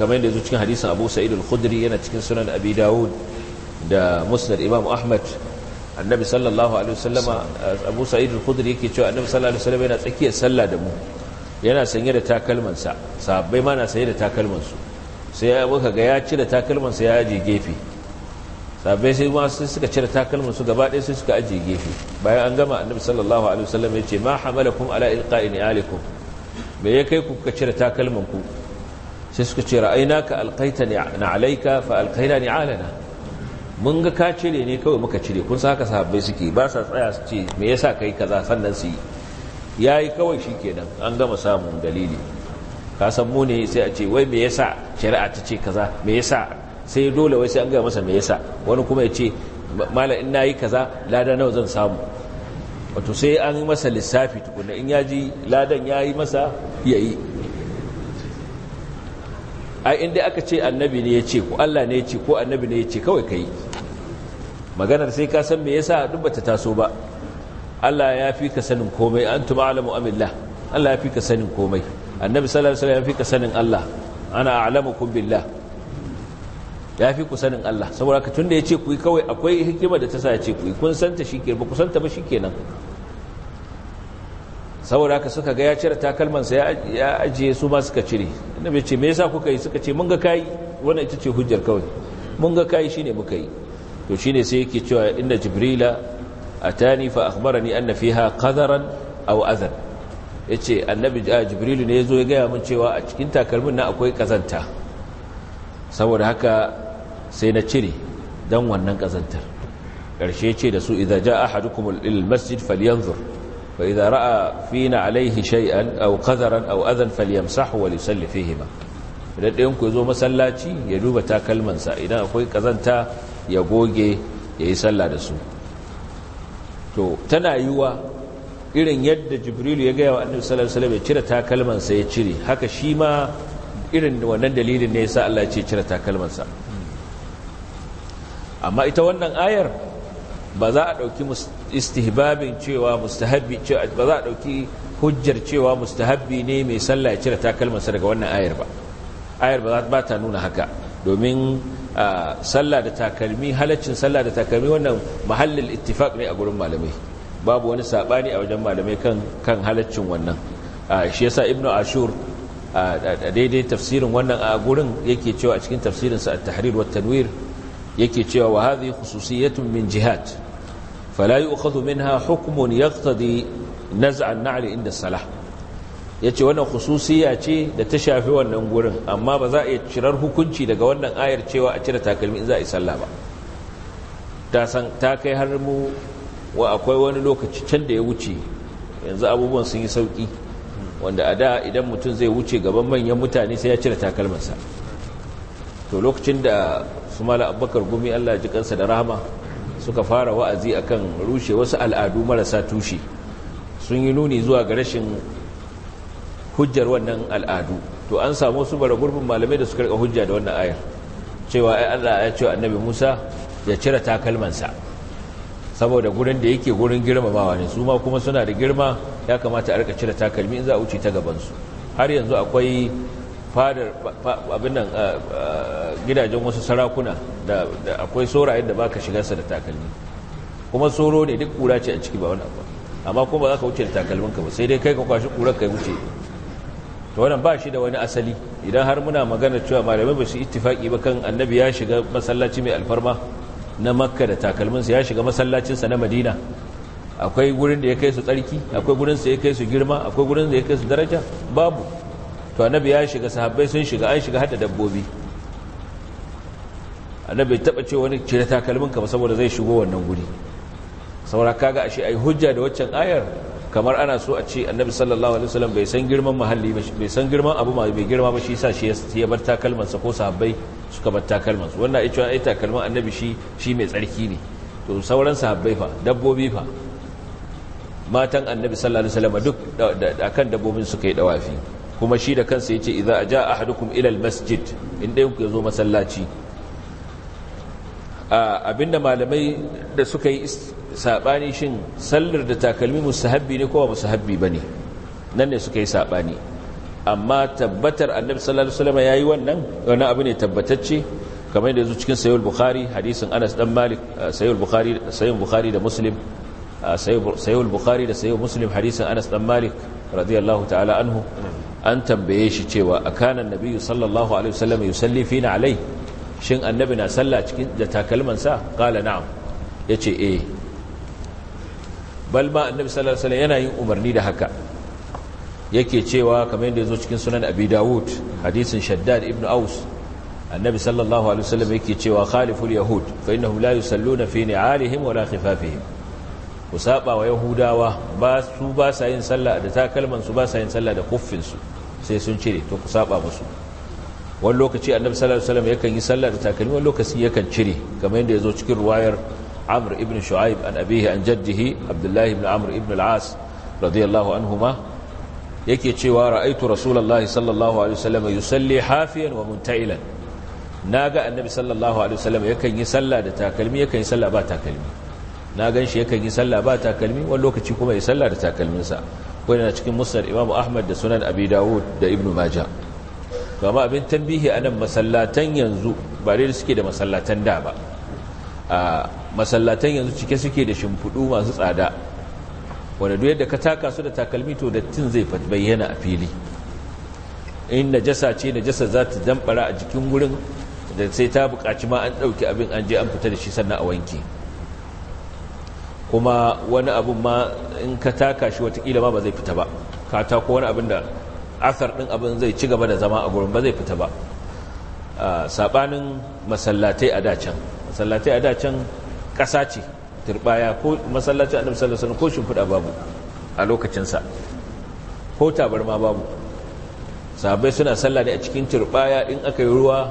kamar yadda cikin hadisin abu sa'id al-khudri yana cikin sunan abi dawud da musnad imam ahmad annabi sallallahu alaihi wasallama abu sa'id al-khudri yake cewa annabi sallallahu alaihi wasallam yana tsakiyar sallah da mu yana sanye da takalmansa sahabbai ma na sanye da takalmansu sai ya muka ga ya cire takalmansa ya aje gefe sahabbai sai ma sai suka cire takalmansu gaba ɗaya sai suka aje gefe bayan an gama annabi sallallahu alaihi wasallam yace ma hamalakum ala ilqa'i ni'alikum me ya kai ku kuka cire takalmanku sai suka ce ra'ainaka alqaita ni alaika fa alqaina ni alana mun ga ka cire ne kawai muka cire kun sa haka sahabbai suke ba sa tsaya su ce me yasa kai kaza sannan su yi ya yi kawai shi nan an gama samun dalili ka san mu sai a ce wai me yasa shari'a ta ce kaza me yasa sai dole wai sai an gaya masa me yasa wani kuma ya ce malam in nayi kaza lada nawa zan samu wato sai an yi masa lissafi tukuna in ya ji ladan ya yi masa yayi ai inda aka ce annabi ne ya ce ko Allah ne ya ce ko annabi ne ya ce kawai ka yi maganar sai ka san me yasa duk bata taso ba Allah ya fi ka sanin komai antum a'lamu amillah Allah ya fi ka sanin komai annabi sallallahu alaihi wasallam ya fi ka sanin Allah ana a'lamukum billah ya fi ku sanin Allah saboda ka tunda ya ce ku yi kawai akwai hikima da ta sa ya ce ku yi kun santa shi ke ba ku santa ba shi kenan saboda haka suka ga ya cire takalmansa ya ajiye su ma suka cire annabi ce me yasa kuka yi suka ce mun ga kai wannan ita ce hujjar kawai mun ga kai shine muka yi to shine sai yake cewa inda jibrila atani fa akhbarani anna fiha qadaran aw adhan yace annabi Jibrilu ne yazo ya gaya mun cewa a cikin takalmin nan akwai kazanta saboda haka sai na cire dan wannan kazantar karshe ce da su idza ja ahadukum ilal masjid falyanzur فإذا رأى فينا عليه شيئا أو قذرا أو أذى فليمسحه وليسل فيهما idan ɗayan ku zo masallaci ya duba takalmansa idan akwai ƙazanta ya goge ya yi sallah da to tana yiwa irin yadda jibrilu ya gaya wa annabi sallallahu alaihi wasallam ya cire takalmansa ya cire haka shi ma irin wannan dalilin ne yasa Allah ya ce cire takalmansa amma ita wannan ayar ba za a ɗauki istihbabin cewa mustahabbi ce ba za a ɗauki hujjar cewa mustahabbi ne mai sallah ya cire takalmansa daga wannan ayar ba ayar ba ba ta nuna haka domin sallah da takalmi halaccin sallah da takalmi wannan mahallin ittifaq ne a gurin malamai babu wani saɓani a wajen malamai kan kan halaccin wannan shi yasa ibnu ashur a daidai tafsirin wannan a gurin yake cewa a cikin tafsirinsa at-tahrir wat tanwir yake cewa wa hadhihi khususiyatun min jihad فلا يؤخذ منها hukmun يقتضي نزع النعل عند الصلاه salah yace wannan khususiya ce da ta shafi wannan gurin amma ba za a iya cirar hukunci daga wannan ayar cewa a cire takalmi in za a yi sallah ba ta san ta kai har mu wa akwai wani lokaci can da ya wuce yanzu abubuwan sun yi sauki wanda a da idan mutum zai wuce gaban manyan mutane sai ya cire takalmansa to lokacin da su mala abubakar gumi allah ji kansa da rahama suka fara wa'azi akan rushe wasu al'adu marasa tushe sun yi nuni zuwa ga rashin hujjar wannan al'adu to an samu su bara gurbin malamai da suka rika hujja da wannan ayar cewa ai Allah ya ce annabi Musa ya cire takalmansa saboda gurin da yake gurin girmamawa ne su ma kuma suna da girma ya kamata a rika cire takalmi in za a wuce ta gaban su har yanzu akwai fadar abinan gidajen wasu sarakuna da akwai sorayen da ka shigarsa da takalmi kuma tsoro ne duk kura ce a ciki ba wani abu amma kuma za ka wuce da takalminka ba sai dai kai ka kwashi kurar ka wuce to wadda ba shi da wani asali idan har muna magana cewa malamai ba su ittifaki ba kan annabi ya shiga masallaci mai alfarma na makka da takalminsa ya shiga masallacinsa na madina akwai gurin da ya kai su tsarki akwai gurin da ya kai su girma akwai gurin da ya kai su daraja babu to annabi ya shiga sahabbai sun shiga an shiga hada dabbobi annabi taba ce wani cire takalmin ba saboda zai shigo wannan guri saura kaga ashe ai hujja da waccan ayar kamar ana so a ce annabi sallallahu alaihi wasallam bai san girman mahalli bai san girman abu mai girma ba shi yasa shi ya bar takalmansa ko sahabbai suka bar takalmansu wannan ai cewa ai takalman annabi shi shi mai tsarki ne to sauran sahabbai fa dabbobi fa matan annabi sallallahu alaihi wasallam duk akan dabbobin suka yi dawafi kuma shi da kansa ya yace idza aja ahadukum ila almasjid inda yanku zo masallaci abinda malamai da suka yi sabani shin sallar da takalmi musahabbi ne ko ba ne nan ne suka yi sabani amma tabbatar annabi sallallahu alaihi wasallam yi wannan wannan abu ne tabbatacce kamar da yazo cikin sahih bukhari hadisin Anas dan Malik sahih bukhari bukhari da Muslim sahih bukhari da Muslim hadisin Anas dan Malik radiyallahu ta'ala anhu an tambaye shi cewa a akana annabi sallallahu alaihi wasallam yusalli na alai shin annabi na sallah cikin da takalman sa qala ya ce eh bal ma annabi sallallahu alaihi wasallam yana yin umarni da haka yake cewa kamar yadda ya zo cikin sunan abi dawud hadisin shaddad ibn aus annabi sallallahu alaihi wasallam yake cewa khaliful yahud fa innahum la yusalluna fi ni'alihim wala khifafihim ku saba wa yahudawa ba su ba sa yin sallah da takalman su ba sa yin sallah da kuffin su sai sun cire to ku saba musu wani lokaci annabi sallallahu alaihi wasallam yakan yi sallah da takalmi wani lokaci yakan cire kamar yadda yazo cikin ruwayar Amr ibn Shu'aib an abihi an jaddihi Abdullah ibn Amr ibn al-As radiyallahu anhuma yake cewa ra'aitu rasulullahi sallallahu alaihi wasallam yusalli hafiyan wa munta'ilan naga annabi sallallahu alaihi wasallam yakan yi sallah da takalmi yakan yi sallah ba takalmi na gan shi yakan yi sallah ba takalmi wani lokaci kuma ya sallah da takalminsa wanda cikin musar Imam Ahmad da Sunan Abi Dawud da ibnu maja kama abin tambihi anan masallatan yanzu ba dai suke da masallatan da ba a masallatan yanzu cike suke da shimfudu masu tsada wanda duk yadda ka taka su da takalmi to dattin zai bayyana a fili in najasa ce najasa za ta damɓara a jikin wurin da sai ta buƙaci ma an ɗauki abin an je an fita da shi sannan a wanke kuma wani abin ma in ka taka shi watakila ma ba zai fita ba ka tako wani abin da asar ɗin abin zai ci gaba da zama a gurin ba zai fita ba saɓanin masallatai a dacen masallatai a dacen ƙasa ce turbaya ko masallacin annabi sallallahu alaihi ko shimfiɗa babu a lokacinsa ko tabarma babu Sabai suna sallah ne a cikin turbaya in aka yi ruwa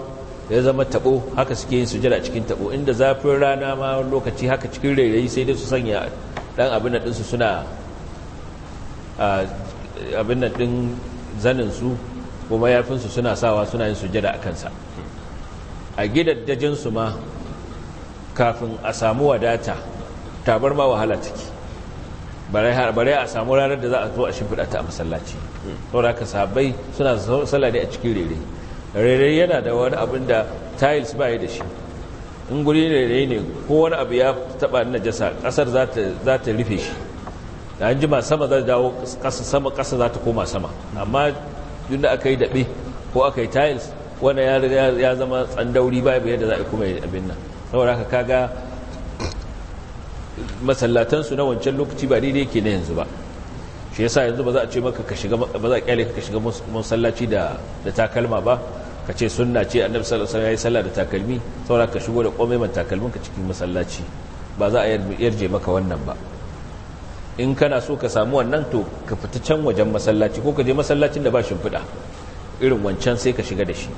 ya zama tabo haka suke yin sujada cikin tabo inda zafin rana ma lokaci haka cikin rairayi sai dai su sanya dan abin nan su suna abin nan din zanin su kuma yafin su suna sawa suna yin sujada a kansa a gidaddajin su ma kafin a samu wadata tabar ma wahala take bare a samu ranar da za a zo a shimfiɗa ta a masallaci saboda ka sabai suna sallah a cikin rairayi rere yana da wani abin da tiles ba da shi in guri rere ne ko wani abu ya taba na jasa kasar za ta rufe shi da an jima sama za ta dawo kasa sama kasa za ta koma sama amma da aka yi daɓe ko aka yi tiles wani ya zama tsandauri ba yadda za a kuma abin nan saboda haka kaga masallatansu na wancan lokaci ba daidai ke na yanzu ba shi yasa yanzu ba za a ce maka ka ba za a kyale ka shiga masallaci da takalma ba ka ce sunna ce annabi sallallahu alaihi wasallam da takalmi saboda ka shigo da komai man takalmin ka cikin masallaci ba za a yarje maka wannan ba in kana so ka samu wannan to ka fita can wajen masallaci ko ka je masallacin da ba shi shimfiɗa irin wancan sai ka shiga da shi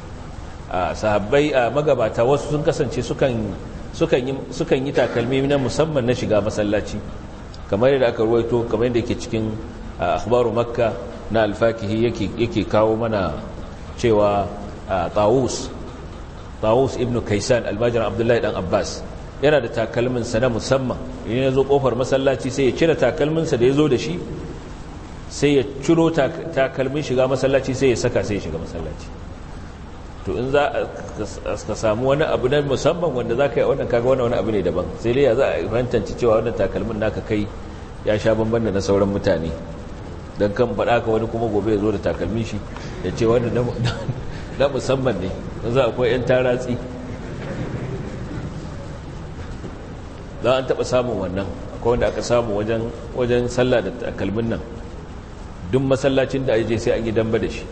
a sahabbai a magabata wasu sun kasance sukan yi takalmi na musamman na shiga masallaci kamar yadda aka ruwaito kamar yadda yake cikin akhbaru makka na alfakihi yake kawo mana cewa Ah, tawus tawus ibn kaisan albajir abdullahi dan abbas yana da takalminsa na musamman idan ya zo kofar masallaci sai ya cire takalminsa da ya zo da shi sai ya ciro takalmin shiga masallaci sai ya saka sai ya shiga masallaci to in za ka samu wani abu na musamman wanda za ka yi wannan kaga wani abu ne daban sai dai ya za a rantance cewa wannan takalmin naka kai ya sha bamban da na sauran mutane don kan faɗa ka wani kuma gobe ya zo da takalmin shi ya ce wannan na musamman ne za akwai 'yan taratsi za an taɓa samun wannan akwai wanda aka samu wajen sallah da takalmin nan duk masallacin da aje sai an yi damba da shi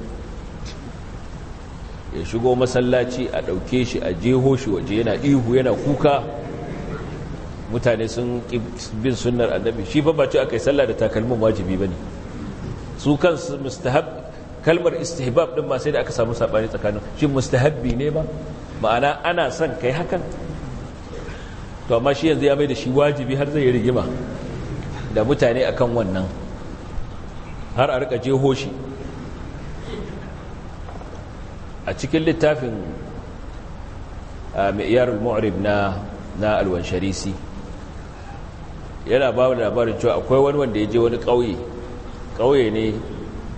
ya shigo masallaci a ɗauke shi a jeho shi waje yana ihu yana kuka mutane sun bin sunnar annabi shi ba ba ce aka yi sallah da takalmin wajibi ba ne su kansu mustahab kalmar istihbab din ma sai da aka samu sabani tsakanin shi mustahabbi ne ba ma'ana ana son kai hakan to amma shi yanzu ya mai da shi wajibi har zai rigima da mutane akan wannan har a rika jeho shi a cikin littafin miyarul mu'rib na na alwan sharisi yana ba da labarin cewa akwai wani wanda ya je wani ƙauye ƙauye ne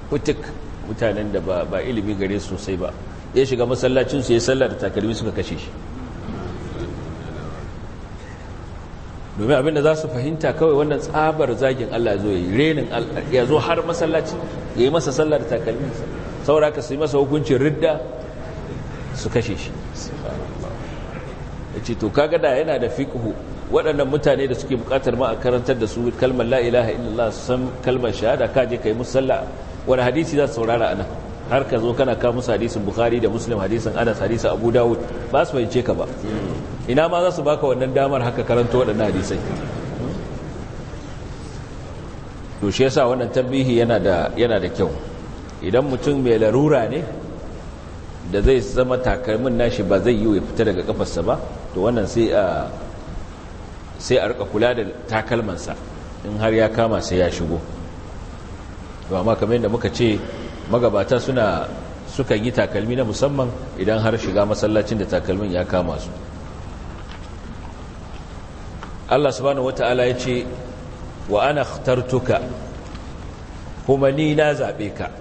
putik mutanen da ba ilimi gare su sosai ba ya shiga masallacinsu ya sallar da takalmi suka kashe shi domin abinda za su fahimta kawai wannan tsabar zagin Allah zo ya yi renin ya zo har masallaci ya yi masa sallar da takalmi saura ka su yi masa hukuncin ridda su kashe shi ya ce to kaga da yana da fiqhu waɗannan mutane da suke bukatar ma a karantar da su kalmar la'ilaha ilaha illallah su san kalmar shahada ka je kai wani hadisi za su saurara anan har ka zo kana ka musu hadisin bukhari da muslim hadisin anas hadisin abu dawud ba su fahimce ka ba ina ma za su baka wannan damar haka karanta waɗannan hadisai to shi yasa wannan tabbihi yana da kyau idan mutum mai larura ne da zai zama takalmin nashi ba zai yi ya fita daga kafarsa ba to wannan sai a sai a rika kula da takalmansa in har ya kama sai ya shigo amma kamar yadda muka ce magabata suna suka yi takalmi na musamman idan har shiga masallacin da takalmin ya kama su Allah subhanahu wata'ala ya ce wa ana ikhtartuka kuma ni na zaɓe ka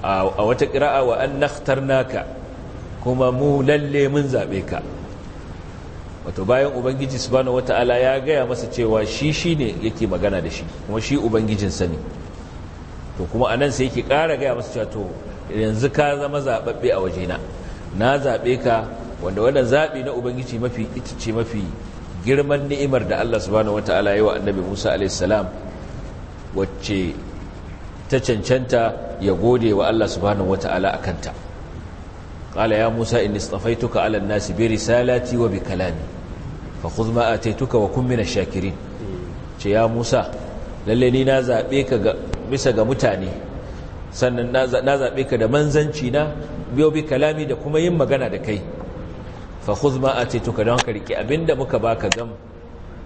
a wata qira'a wa an nakhtarnaka kuma mu lalle mun zaɓe ka wato bayan ubangiji subhanahu wata'ala ya gaya masa cewa shi shi ne yake magana da shi kuma shi ubangijinsa ne to kuma anan sai yake ƙara gaya masa cewa to yanzu ka zama zaɓaɓɓe a wajena na zaɓe ka wanda wannan zaɓi na ubangiji mafi ita ce mafi girman ni'imar da Allah subhanahu wata'ala ya yi wa annabi Musa alaihissalam wacce ta cancanta ya gode wa Allah subhanahu wata'ala a kanta قال يا موسى إني اصطفيتك على الناس برسالتي وبكلامي fa khudh ataituka wa kun shakirin ce ya Musa lalle ni na zaɓe ka bisa ga mutane sannan na zaɓe ka da manzanci na biyo bi kalami da kuma yin magana da kai fa khudh ma ataituka don ka riƙe abinda muka baka gam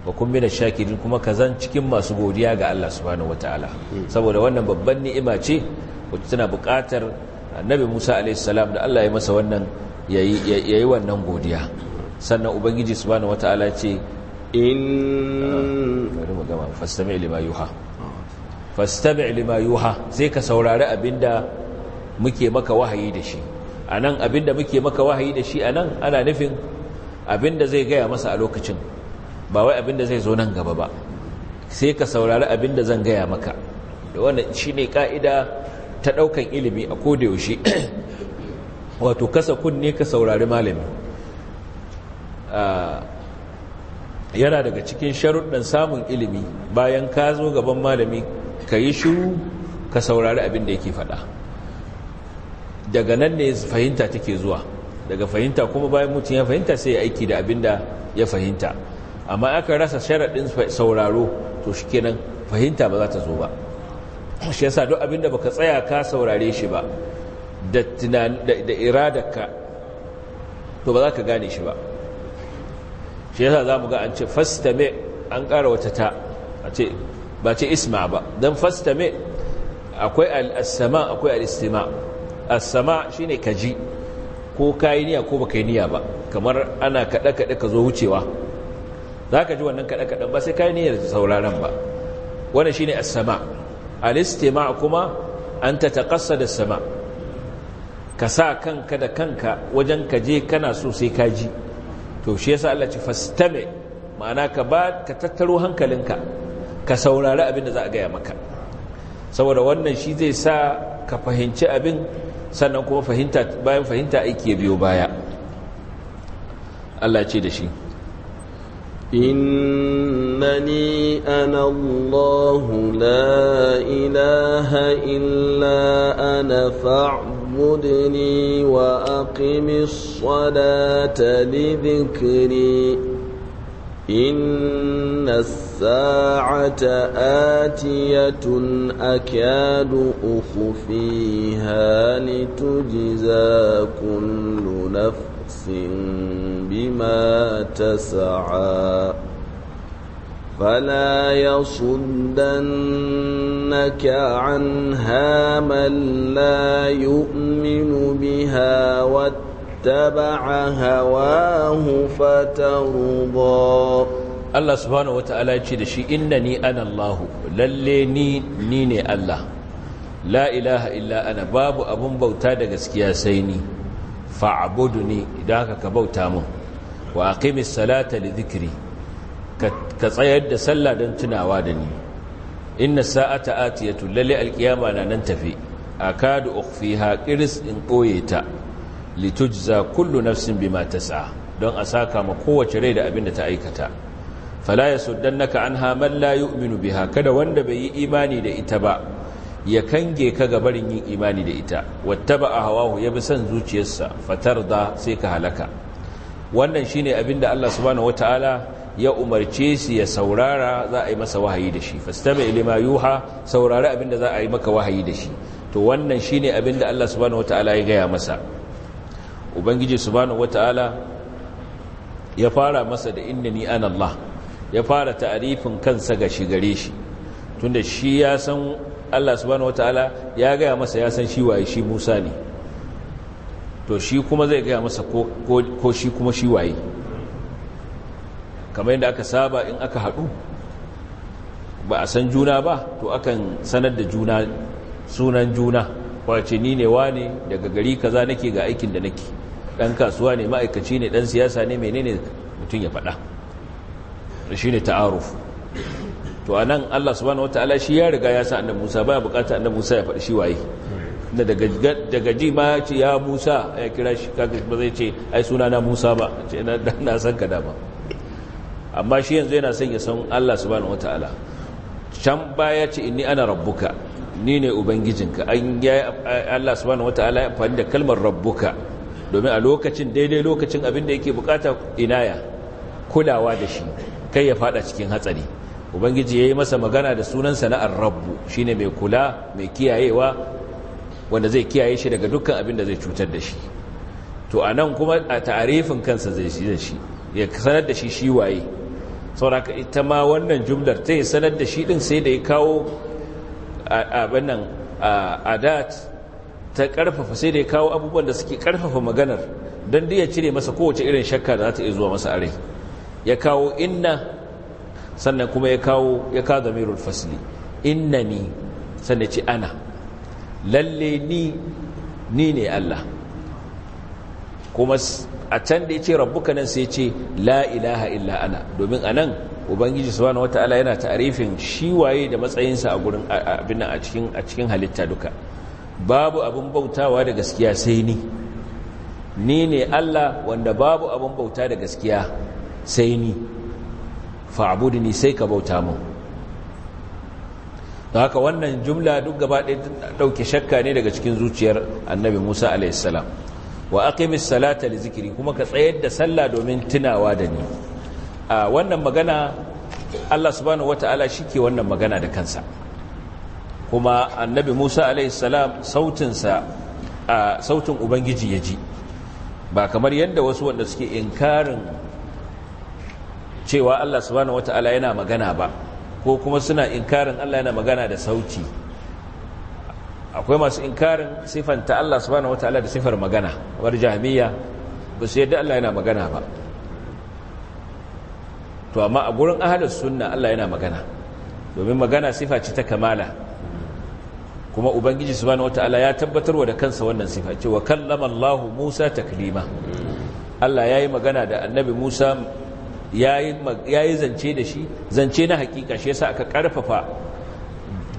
wa kun shakirin kuma ka zan cikin masu godiya ga Allah subhanahu ta'ala saboda wannan babban ni'ima ce wacce tana buƙatar annabi Musa alaihi salam da Allah ya masa wannan yayi yayi wannan godiya sannan ubangiji subhanahu wataala ce in ah, bari mu gama fastami lima yuha fastami lima yuha sai ka saurari abinda muke maka wahayi da shi anan abinda muke maka wahayi da shi anan ana nufin abinda zai gaya masa a lokacin ba wai abinda zai zo nan gaba ba sai ka saurari abinda zan gaya maka da wannan shine ka'ida ta daukan ilimi a kodayaushe wato kasa kunne ka saurari malamin Ah, yana daga cikin sharuɗin samun ilimi bayan ka zo gaban malami ka yi shiru ka saurari abin da yake faɗa daga nan ne fahimta take zuwa daga fahimta kuma bayan mutum ya fahimta sai ya aiki da abin da ya fahimta amma aka rasa sharaɗin sauraro to shi kenan fahimta ba za ta zo ba shi yasa duk abin da baka tsaya ka saurare shi ba da iradarka to ba za ka gane shi ba shi yasa za mu ga an ce fastame an ƙara wata ta ba ce isma ba don fastame akwai al'asama akwai al'istima asama shi ne kaji ko kayi niya ko ba yi niya ba kamar ana kaɗe-kaɗe ka zo wucewa za ka ji wannan kaɗe-kaɗen ba sai ka niyar sauraron ba wani shi ne asama al'istima kuma an ta taƙasa da sama ka sa kanka da kanka wajen kaje kana so sai kaji. ji to shi yasa Allah ce fastame ma'ana ka ba ka tattaro hankalinka ka saurari abin da za a gaya maka saboda wannan shi zai sa ka fahimci abin sannan kuma fahimta bayan fahimta aiki ya biyo baya Allah ce da shi innani ana الله la ilaha illa ana واعبدني وأقم الصلاة لذكري إن الساعة آتية أكاد أخفيها لتجزى كل نفس بما تسعى فلا يصدنك عنها من لا يؤمن بها واتبع هواه فترضى Allah subhanahu wata'ala ce da shi innani ana Allah lalle ni ni ne Allah la ilaha illa ana babu abun bauta da gaskiya sai ni fa'budni idan haka ka bauta mun wa aqimis salata li dhikri ka ka tsayar da sallah don tunawa da ni inna sa'ata atiyatu lalle alkiyama na nan tafi akadu ukhfiha qiris in ɓoye ta litujza kullu nafsin bima tas'a don a saka ma kowace rai da abin da ta aikata fala yasuddannaka anha man la yu'minu biha kada wanda bai yi imani da ita ba ya kange ka ga barin yin imani da ita wattaba hawahu ya bi san zuciyarsa fatarda sai ka halaka wannan shine abin da Allah subhanahu wataala ya umarce su ya saurara za a yi masa wahayi da shi fastami ilima yuha saurari abinda za a yi maka wahayi da shi to wannan shine abinda Allah subhanahu wataala ya gaya masa ubangiji subhanahu wataala ya fara masa da innani ana Allah ya fara ta'arifin kansa ga shi gare shi tunda shi ya san Allah subhanahu wataala ya gaya masa ya san shi waye shi Musa ne to shi kuma zai gaya masa ko shi kuma shi waye kamar yadda aka saba in aka haɗu ba a san juna ba to akan sanar da juna sunan juna wace ni ne wa ne daga gari kaza nake ga aikin da nake ɗan kasuwa ne ma'aikaci ne ɗan siyasa ne ne mutum ya faɗa shi ne ta'aruf to a nan allah subhanahu wataala shi ya riga ya sa annabi musa ya bukata annabi musa ya faɗi shi waye da daga ji ma ya ce ya musa ya kira shi kaga ba zai ce ai suna na musa ba ce na san ka dama amma shi yanzu yana son ya san Allah subhanahu wataala can baya ce inni ana rabbuka ni ne ubangijinka an yi Allah subhanahu wataala ya amfani da kalmar rabbuka domin a lokacin daidai lokacin abin da yake bukata inaya kulawa da shi kai ya fada cikin hatsari ubangiji yi masa magana da sunan sana'ar rabbu ne mai kula mai kiyayewa wanda zai kiyaye shi daga dukkan abin da zai cutar da shi to anan kuma a ta'arifin kansa zai shi ya sanar da shi shi waye sauraka ita ma wannan jumlar ta yi sanar da shi ɗin sai da ya kawo adat ta ƙarfafa sai da ya kawo abubuwan da suke ƙarfafa maganar don da ya cire masa kowace irin shakka da za ta iya zuwa masa are ya kawo inna sannan kuma ya kawo ya kawo zamirul fasli inna ni sannan ci ana lalle ni ni ne Allah kuma a can da ya ce rabbuka nan sai ce la ilaha illa ana domin a nan ubangiji su wata ala yana ta'arifin shi waye da matsayinsa a gurin abinan a cikin a cikin halitta duka babu abin bautawa da gaskiya sai ni ni ne Allah wanda babu abin bauta da gaskiya sai ni ni sai ka bauta mun Da haka wannan jumla duk gaba ɗaya ɗauke shakka ne daga cikin zuciyar annabi Musa alaihissalam wa aqimis salata li zikri kuma ka tsayar da sallah domin tunawa da ni a wannan magana Allah subhanahu wataala shike wannan magana da kansa kuma annabi Musa alayhi salam sautin sa sautin ubangiji ya ji ba kamar yadda wasu wanda suke inkarin cewa Allah subhanahu wataala yana magana ba ko kuma suna inkarin Allah yana magana da sauti akwai masu inkarin sifanta Allah subhanahu wataala da sifar magana war jami'a ba su yadda Allah yana magana ba to amma a gurin ahlus sunna Allah yana magana domin magana sifa ce ta kamala kuma ubangiji subhanahu wataala ya tabbatarwa da kansa wannan sifa ce wa kallama Allah Musa taklima Allah yayi magana da annabi Musa yayi yayi zance da shi zance na hakika shi yasa aka karfafa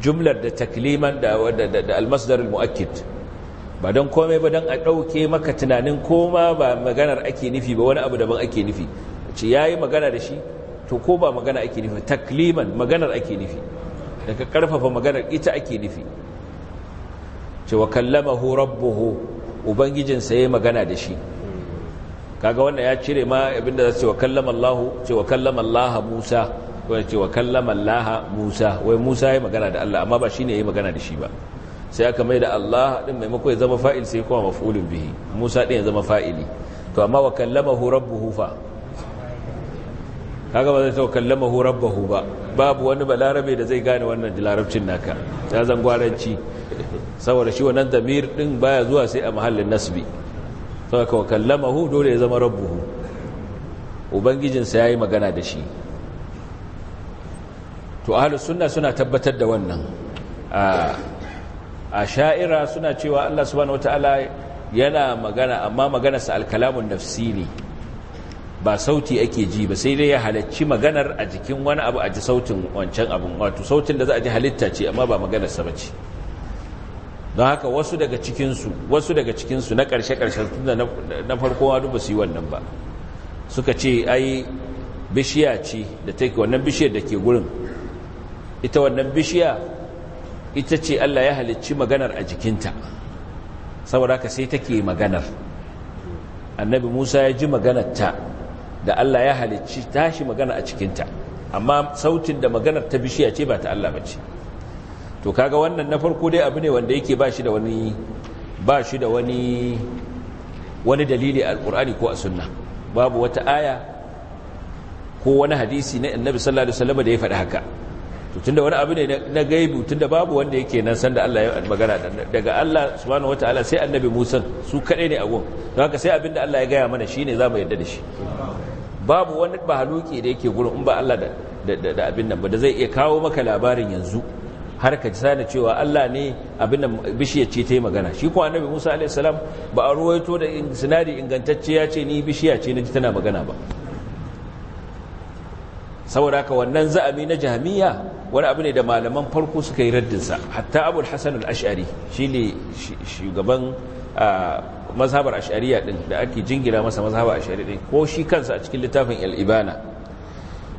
jumlar da takliman da almasdar almu'akkid ba don komai ba don a ɗauke maka tunanin koma ba maganar ake nufi ba wani abu daban ake nufi ce ya yi magana da shi to ko ba magana ake nufi takliman maganar ake nufi daga ƙarfafa maganar ita ake nufi ce wa kallamahu rabbuhu ubangijinsa ya yi magana da shi kaga wannan ya cire ma abinda za ce wa kallama Allahu ce wa kallama Allah Musa wanda ce wa kallama Allah Musa wai Musa ya magana da Allah amma ba shi shine yayi magana da shi ba sai aka mai da Allah ɗin maimako ya zama fa'il sai kuma mafulin bihi Musa ɗin ya zama fa'ili to amma wa kallamahu rabbuhu fa kaga ba zai ta kallamahu hu ba babu wani balarabe da zai gane wannan larabcin naka ya zan zangwaranci saboda shi wannan damir din baya zuwa sai a mahallin nasbi saboda wa kallama hu dole ya zama hu ubangijinsa ya yi magana da shi to ahlus sunna suna tabbatar da wannan a sha'ira suna cewa Allah subhanahu wataala yana magana amma maganarsa alkalamun nafsi ne ba sauti ake ji ba sai dai ya halacci maganar a jikin wani abu a ji sautin wancan abun wato sautin da za a ji halitta ce amma ba maganarsa ba ce don haka wasu daga cikinsu wasu daga su na ƙarshe tun da na farko wadu ba su yi wannan ba suka ce ai bishiya ce da take wannan bishiyar da ke gurin ita wannan bishiya ita ce Allah ya halicci maganar a jikinta saboda sai take maganar annabi Musa ya ji maganarta da Allah ya halicci tashi magana a cikinta amma sautin da maganar ta bishiya ce ba ta Allah ba ce to kaga wannan na farko dai abu ne wanda yake ba shi da wani ba shi da wani wani dalili a alkur'ani ko a sunna babu wata aya ko wani hadisi na annabi sallallahu alaihi wasallam da ya faɗi haka to tunda wani abu ne na gaibu tunda babu wanda yake nan sanda Allah ya magana daga Allah subhanahu wataala sai annabi Musa su kadai ne a gun don haka sai abinda Allah ya gaya mana shine zamu yadda da shi babu wani bahaluki da yake gurin in ba Allah da abin nan ba da zai iya kawo maka labarin yanzu har ka sani cewa Allah ne abin da bishiyar ce ta magana shi ko annabi Musa alaihi salam ba a ruwaito da sinadi ingantacce ya ce ni bishiya ce naji tana magana ba saboda haka wannan za'abi na jahmiya wani abu ne da malaman farko suka yi raddinsa hatta abul hasan al-ash'ari shine shugaban mazhabar ash'ariya din da ake jingira masa mazhabar ash'ari din ko shi kansa a cikin littafin al'ibana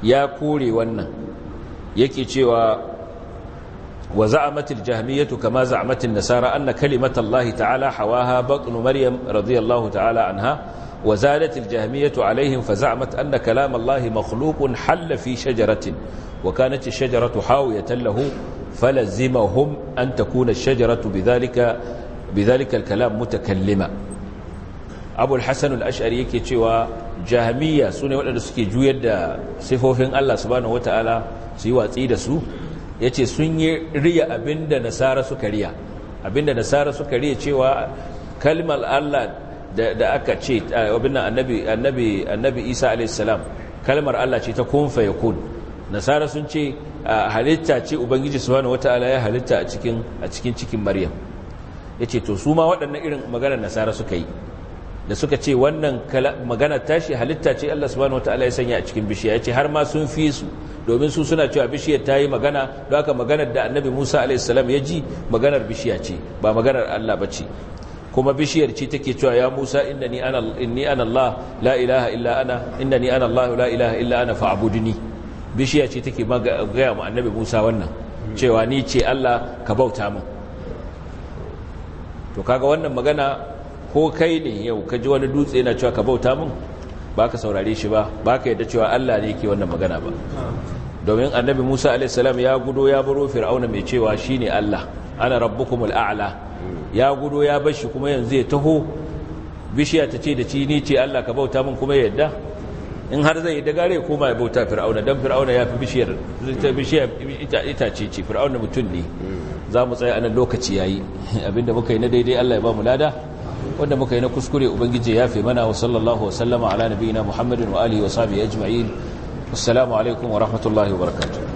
ya kore wannan yake cewa wa za'amatil jahmiyatu kama za'amatin nasara anna kalimatallahi ta'ala hawaha baqnu maryam radiyallahu ta'ala anha وزالت الجهمية عليهم فزعمت أن كلام الله مخلوق حل في شجرة وكانت الشجرة حاوية له فلزمهم أن تكون الشجرة بذلك, بذلك الكلام متكلمة أبو الحسن الأشعري كتوى جهمية سنة وأن سكي جويد سفوفين الله سبحانه وتعالى سيوى تيد سو yace sun yi riya abinda nasara suka riya abinda nasara suka riya cewa kalmar Allah da aka ce annabi Isa alayhis kalmar Allah ce ta kun nasara sun ce halitta ce ubangiji wata wataala ya halitta a cikin cikin cikin Maryam yace to su ma waɗannan irin maganar nasara suka yi da suka ce wannan magana tashi halitta ce Allah wata wataala ya sanya a cikin bishiya yace har ma sun fi su domin su suna cewa bishiyar ta yi magana don haka maganar da annabi Musa alaihissalam ya ji maganar bishiya ce ba maganar Allah ba ce kuma bishiyar ce take cewa ya Musa innani ana inni ana Allah la ilaha illa ana innani ana Allah la ilaha illa ana fa'budni bishiya ce take gaya mu annabi Musa wannan cewa ni ce Allah ka bauta min to kaga wannan magana ko kai ne yau ka ji wani dutse yana cewa ka bauta min ba ka saurare shi ba ba ka yadda cewa Allah ne yake wannan magana ba domin annabi Musa alaihi salam ya gudo ya baro Fir'auna mai cewa shine Allah ana rabbukumul a'la ya gudu ya bar shi kuma yanzu ya taho bishiya ta ce da ci ni ce Allah ka bauta min kuma yadda in har zai da gare koma ya bauta fir'auna dan fir'auna ya fi bishiyar ta bishiya ita ce ce fir'auna mutum ne za mu tsaya anan lokaci yayi abinda muka yi na daidai Allah ya ba mu lada wanda muka yi na kuskure ubangiji ya fi mana wa sallallahu wasallama ala nabiyina muhammadin wa alihi wa sahbihi ajma'in assalamu alaikum wa rahmatullahi wa barakatuh